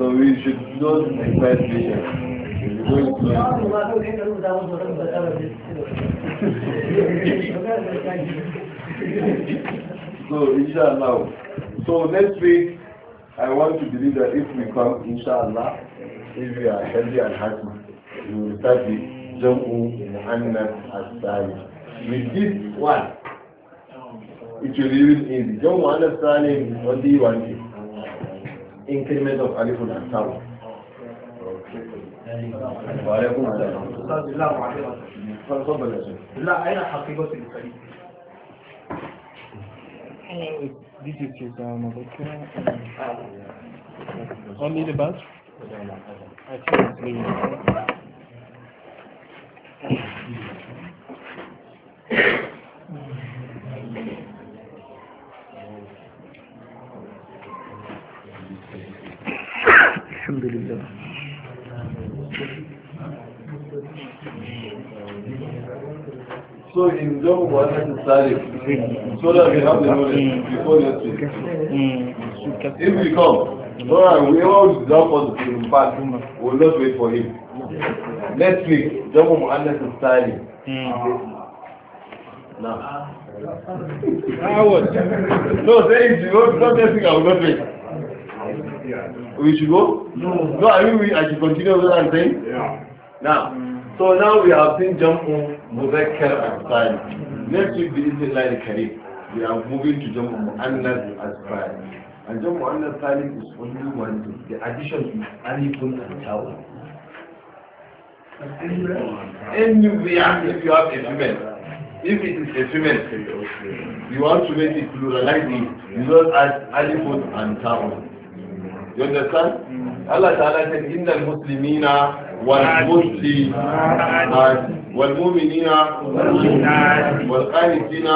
so we should not expect patience so inshallah so next week I want to believe that if we come, inshallah, if we are healthy and happy, we will start the Jam'u Mu'annas As-Salih. With this one, it will even in the Jam'u Mu'annas Salih only one thing. Increment of Alifun and tau. وعليكم السلام. أستاذ الله وعليكم السلام. تفضل يا شيخ. لا أين حقيقة الفريق؟ dice Ceza'ma leke Only the bus? I think it's leaving. Alhamdulillah. So in Job 135, so that we have the knowledge before next week. If we come, no, we all jump on the path, we will not wait for him. Next week, Job 135. Hmm. Now. No, say if you go, not next week, I will not wait. We should go? No. No, I mean, we, I should continue with what I'm saying? Yeah. Now, so now we have seen Job Muzakkar Asfari. Next week, بإذن الله الكريم, we are moving to Jamu Mu'annas Asfari. And Jamu Mu'annas Salim is only one. The addition is Alifun and Tawun. Anywhere, if you have a female, if it is a female, you want to make it pluralize it, you don't add Alifun and Tawun. You understand? Mm. Allah Ta'ala said, إِنَّ Muslimina." والمؤمنين والقانتين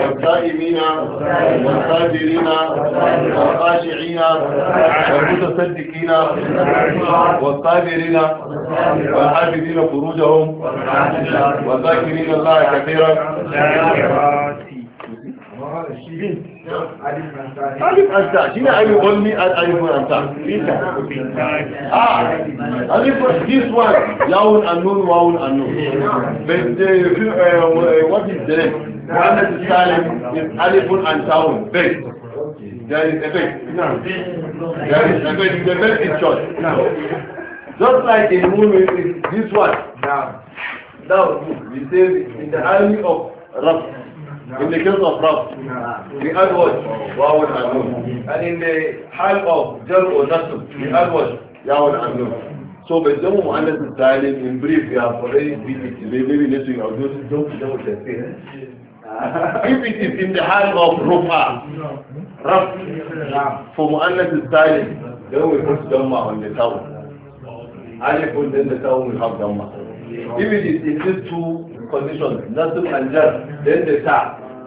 والصائمين والصابرين والخاشعين والمتصدقين والصابرين والحافظين فروجهم والذاكرين الله كثيرا alif anta shi ne ayi wani alif anta fita a ah, alif this one yawon annun wawon annun uh, uh, uh, what is the name muhammad salim is alifun and tawon base there is a base there is a base the base is church just like in moon is this one now now we say in the army of rabbit In the case of Rab, the add what? Waw and in the hal of Jar or Nasr, the add what? Yaw So by the time Muhammad is silent, in brief, we have already been it. Maybe next week I'll do it. Don't know what they If it is in the hal of Rufa, Rab, for Muhammad is silent, then we put Dhamma on the town. Alif and then the town will have Dhamma. If it is in these two conditions, Nasr and Jar, then the Ta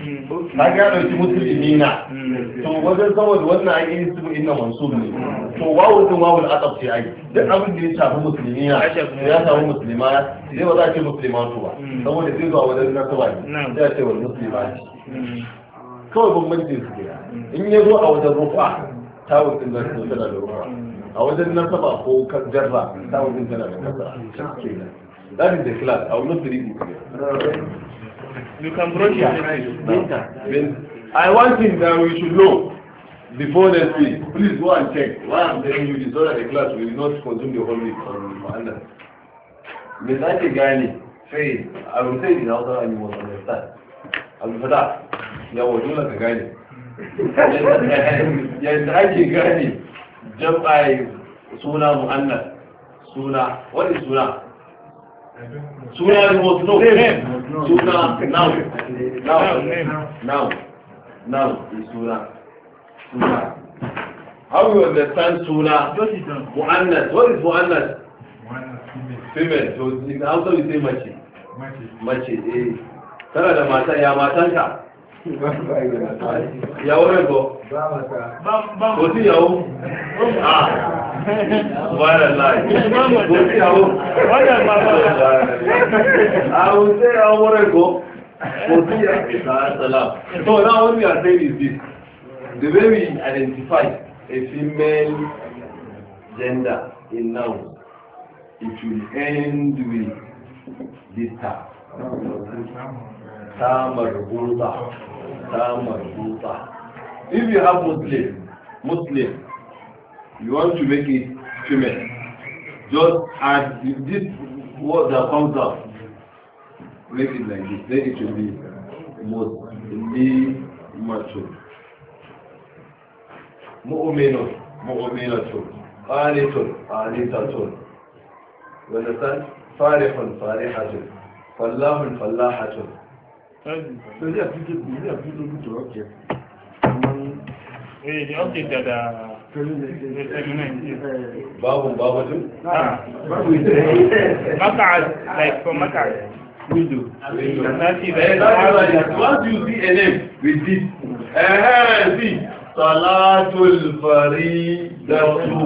ka ga dauki musulmina to wajen saboda wannan ai in su inna mansub ne to wawu din wawu al-ataf ce ai duk abin da ya shafi musulmina ya shafi musulma sai ba za ce musulma to ba hmm. saboda sai zuwa wajen nasaba ne sai ya ce wal musulma hmm. kawai bambanci su ke hmm. in ya zo a wajen rufa ta wajen da su tana da rufa a wajen nasaba ko jarra ta wajen tana da kasa kenan that is the class i will not read it You can brush your hair. I want things that we should know before next week. Please go and check. Why I'm telling you this so that the class will not consume the whole week on Monday. Misaki gani sai I will say it in Hausa and you must understand. Alfada ya wajo na ka gane. Yadda Gani. Jump jam'ai suna mu'annas suna What is suna Suna was no name. Suna now. Now. Now. Now Suna. Suna. How you understand Suna? Mu'annas. What is Mu'annas? Female. So in Hausa we say mace. Mace. Eh. Tana da mata ya matanka. ìyàwó rẹ̀ bọ̀ kò sí ìyàwó wọ́n rẹ̀ láì kò sí ìyàwó wọ́n rẹ̀ bàbá àwọn iṣẹ́ ìyàwó rẹ̀ bọ̀ kò sí ìyàwó so now what we are saying is this the way we identify a female gender in now it will end with this term. Tamar Gulba ta if you have muslim muslim you want to make it female just add this word that comes out make it like this then it will be Muslim, muslimatu mu'minun mu'minatu qanitun qanitatun you understand farihun farihatun fallahun fallahatun They are treated, they are treated to object. Eh, the object that uh, babu babu babu Makkah, like from Makkah. Window. Once you see a name with this, eh, see, Salatul Faridatu.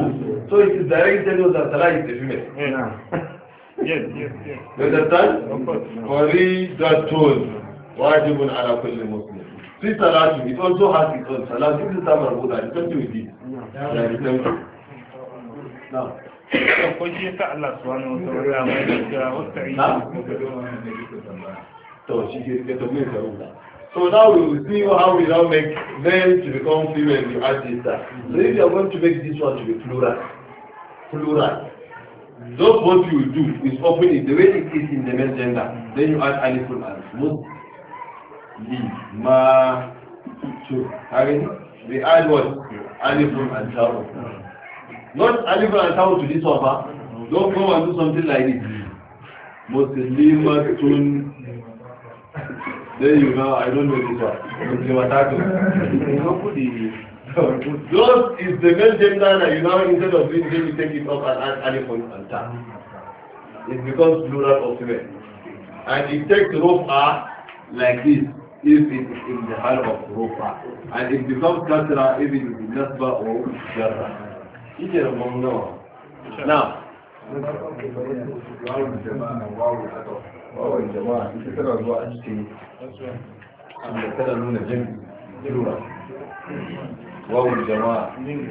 So it is direct telling us that Salah is a female. Yeah. yes, yes, yes. You understand? Of course. Faridatun wajibun ala kulli muslim fi salatu it also has its own salat it is tamar it can do it own. now So now we will see how we now make men to become female and you add this So if you are going to make this one to be plural, plural, So what you do is open it the way it is in the male gender, then you add any and most ma to harin the add what alifun and tawun not alifun and tawun to this one don't go and do something like this muslimatun then you know i don't know this one muslimatun you know put the Those is the main gender that you know instead of doing you take it up and add alifun and ta. It becomes plural of women. And it takes rope are like this. if it is in the heart of rufa and it becomes Katra if it is in nasba or jarra ike da mun now. Now, wawon jama'a ita tana zuwa jama'a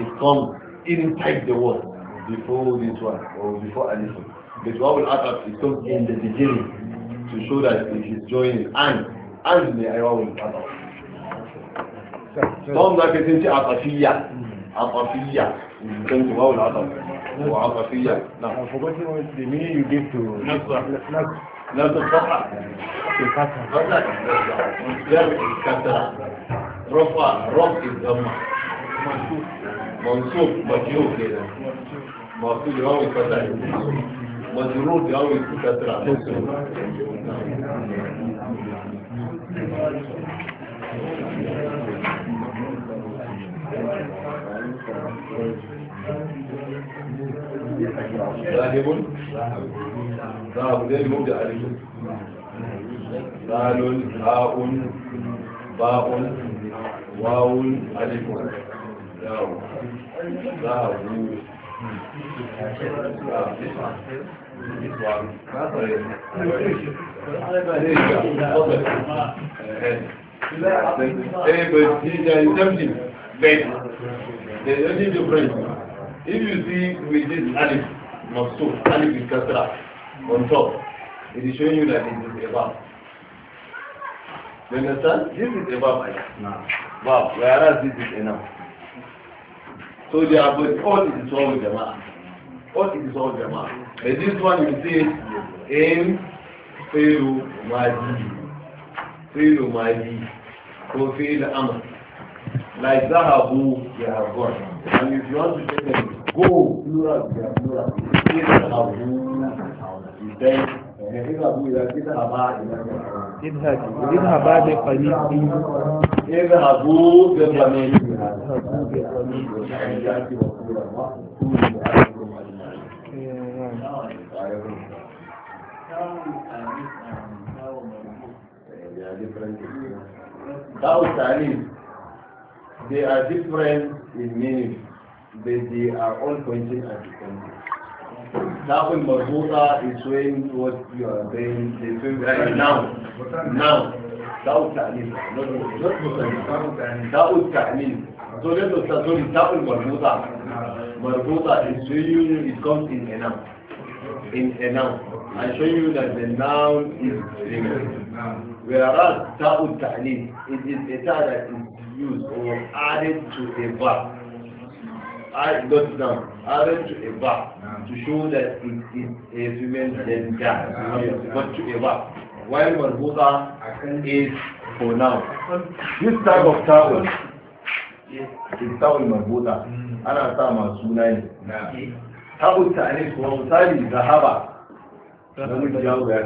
it comes inside the word before this one or before anything but wawon atab it comes in the beginning to show that it is joining and عني أيوة القدر ضمنا كنت عطفية عطفية كنت واو العطف وعطفية نعم الفضلات المسلمين يجيبتوا نصر نصر نصر الصفحة في الفتحة فتحة جرع الكسرة رفع رفع الضمة منصوب مجيوب كده مجيوب يراوي الفتحة مجرور يراوي الكسرة ذاهب ذاهب زي المبدأ عليكم دال هاء باء واو ألف ياو ذاهب ذاهب Hey, but there is something bad. There is only difference. If you see with this alif, maksud, alif is kasra, on top, it is showing you that it is a verb. You understand? This is a verb. No. Verb, whereas this is a noun. So they are both, all it is all jama'ah. All it is all jama'ah. But this one you see in fi'lu madi fi'lu madi ko fi'lu amr like zahabu yahabun and if you want to take them go plural plural zahabu then اذهبوا الى اذهبا اذهبا بقميص اذهبوا بقميص اذهبوا بقميص That was Ta'lim. They are different in meaning, but they are all pointing at the same thing. Ta'lim Marbuta is when what you are saying, they say right now. Now. That was Ta'lim. That was Ta'lim. So let us start with Ta'lim Marbuta. Marbuta is when you, it comes in a noun. In a noun. I show you that the noun is singular. Whereas ta'ud ta'lim, it is a ta that is used or added to a verb. I got down, added to a verb to show that it is a female gender, but to a verb. While marbuta is for now. This type of ta'ud is ta'ud marbuta. Ana sa masu suna ne. Ta'ud ta'lim kuma misali zahaba. Namiji yaro ya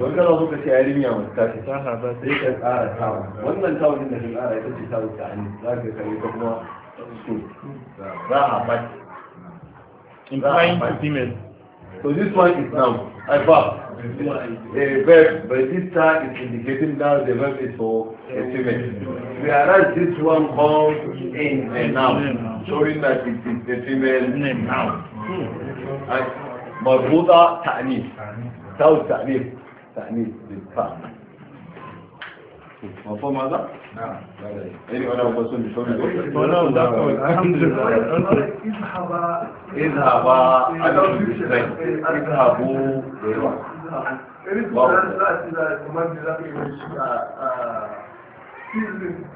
wanda ba kuka ce yarinya mai tashi ta haɓa sai ka tsara tawa wannan tawa din da ka tsara ita ce tawa ta ani za ka kare ta kuma su za a haɓa implying to female so this one is now I verb a verb eh, but this time is indicating that the verb is for a female whereas this one comes in a noun showing that it is a female noun مربوطة تأنيث تاو التأنيث تحميل للكاء مفهوم هذا؟ نعم ايه يعني ولا هو بشون الحمد لله اذهبا اذهبا اذهبوا اذهبوا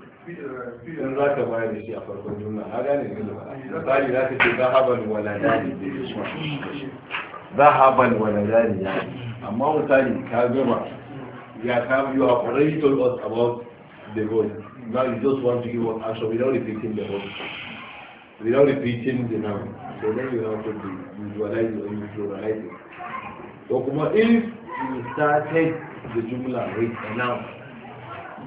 in za ka bayar da shi a farkon jumla na gane you have already told us about the goal now you just want to give one answer without repeating the whole without repeating the noun so then you have to be visualize or visualize it so kuma if you started the jumla with a noun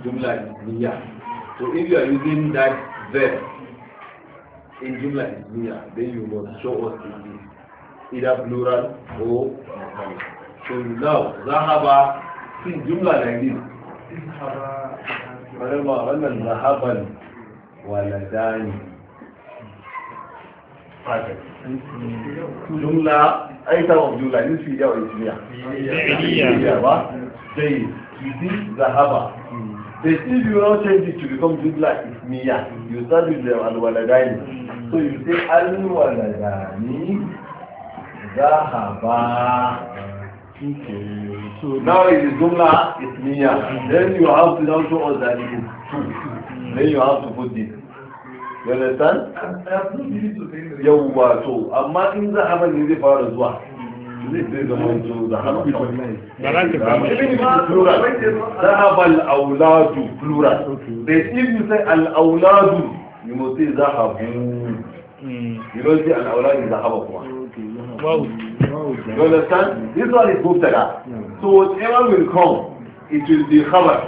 jumla is niyya So if you are using that verb in Jumla Ismiya, then you must show us it is either plural or mechanic. So now, Zahaba, see Jumla like this. Zahaba, wannan Zahaban waladani. Jumla, aita of Jumla, this video is here. Yeah, yeah. Yeah, yeah. Yeah, yeah. Yeah, yeah. Yeah, yeah. Yeah, yeah. They still you not change it to become just like Ismiya. You start with them Al-Waladani. So you say alwaladani waladani Zahaba. Okay. So now it is Jumla Ismiya. Then you have to now show us that it is true. Then you have to put this. You understand? Yawwa to, amma in zahaba ne zai fara zuwa. ذهب الأولاد plural they if you say الأولاد you must say ذهبوا you don't say الأولاد ذهب kuma wow you understand this one is mubtada so whatever will come it will be khabar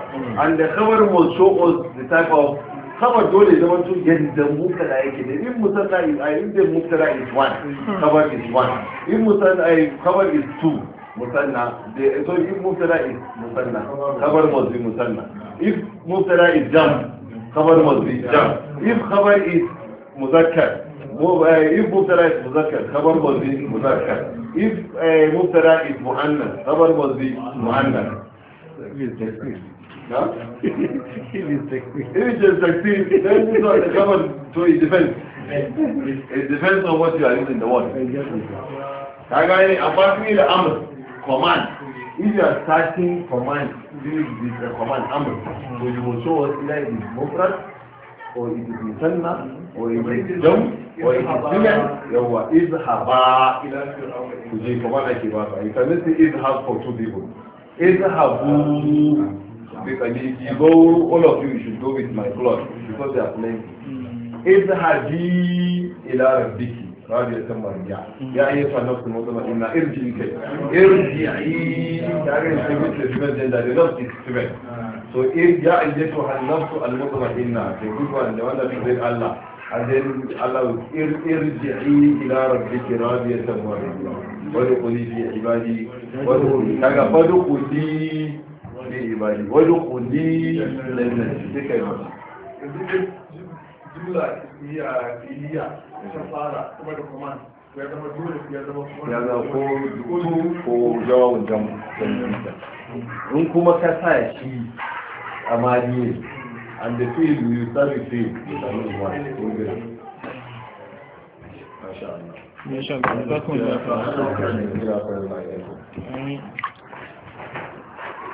and the khabar will show us the type of خبر دول زمان تو يند مبتدا يكده إن مثلا إن مبتدا is one خبر is one إن مثلا خبر is two مثنى sorry if مبتدا is مثنى خبر must be مثنى if مبتدا is جمع خبر must be جمع if خبر is مذكر eh, if مبتدا is مذكر خبر must be مذكر if مبتدا eh, is مؤنث خبر must مؤنث Huh? if it's takfir. If it's takfir, then it's not covered. So it depends. It depends on what you are using the word. Ka gane, amma fi da amr, command. If you are starting command, this is a command, amr. So you will show us either it is mufrad, or it is musanna, or it is jam, or it is digan, yawwa, izhaba. Ku je command ake ba ka. You can just say izhab for two people. Izhabu. Because if you go, all of you, should go with my blood because they are plenty. اذهبي إلى ربك راجع ثم ارجع يا أيها النفس المطمئنة ارجعي كي ارجعي تعالي في مثل جمال جندا لنفس السبب So ارجع إليتها النفس المطمئنة تقول أن وانا في غير الله عزيز الله ارجعي إلى ربك راضية مرضية وادخلي في عبادي وادخلي فادخلي bi ibadi wani kuli lannan duka yi da kuma ya ya zama kuma ya ko dutu ko jawabin in kuma ka sa shi a maliye and the field you serve the field you serve one masha Allah Allah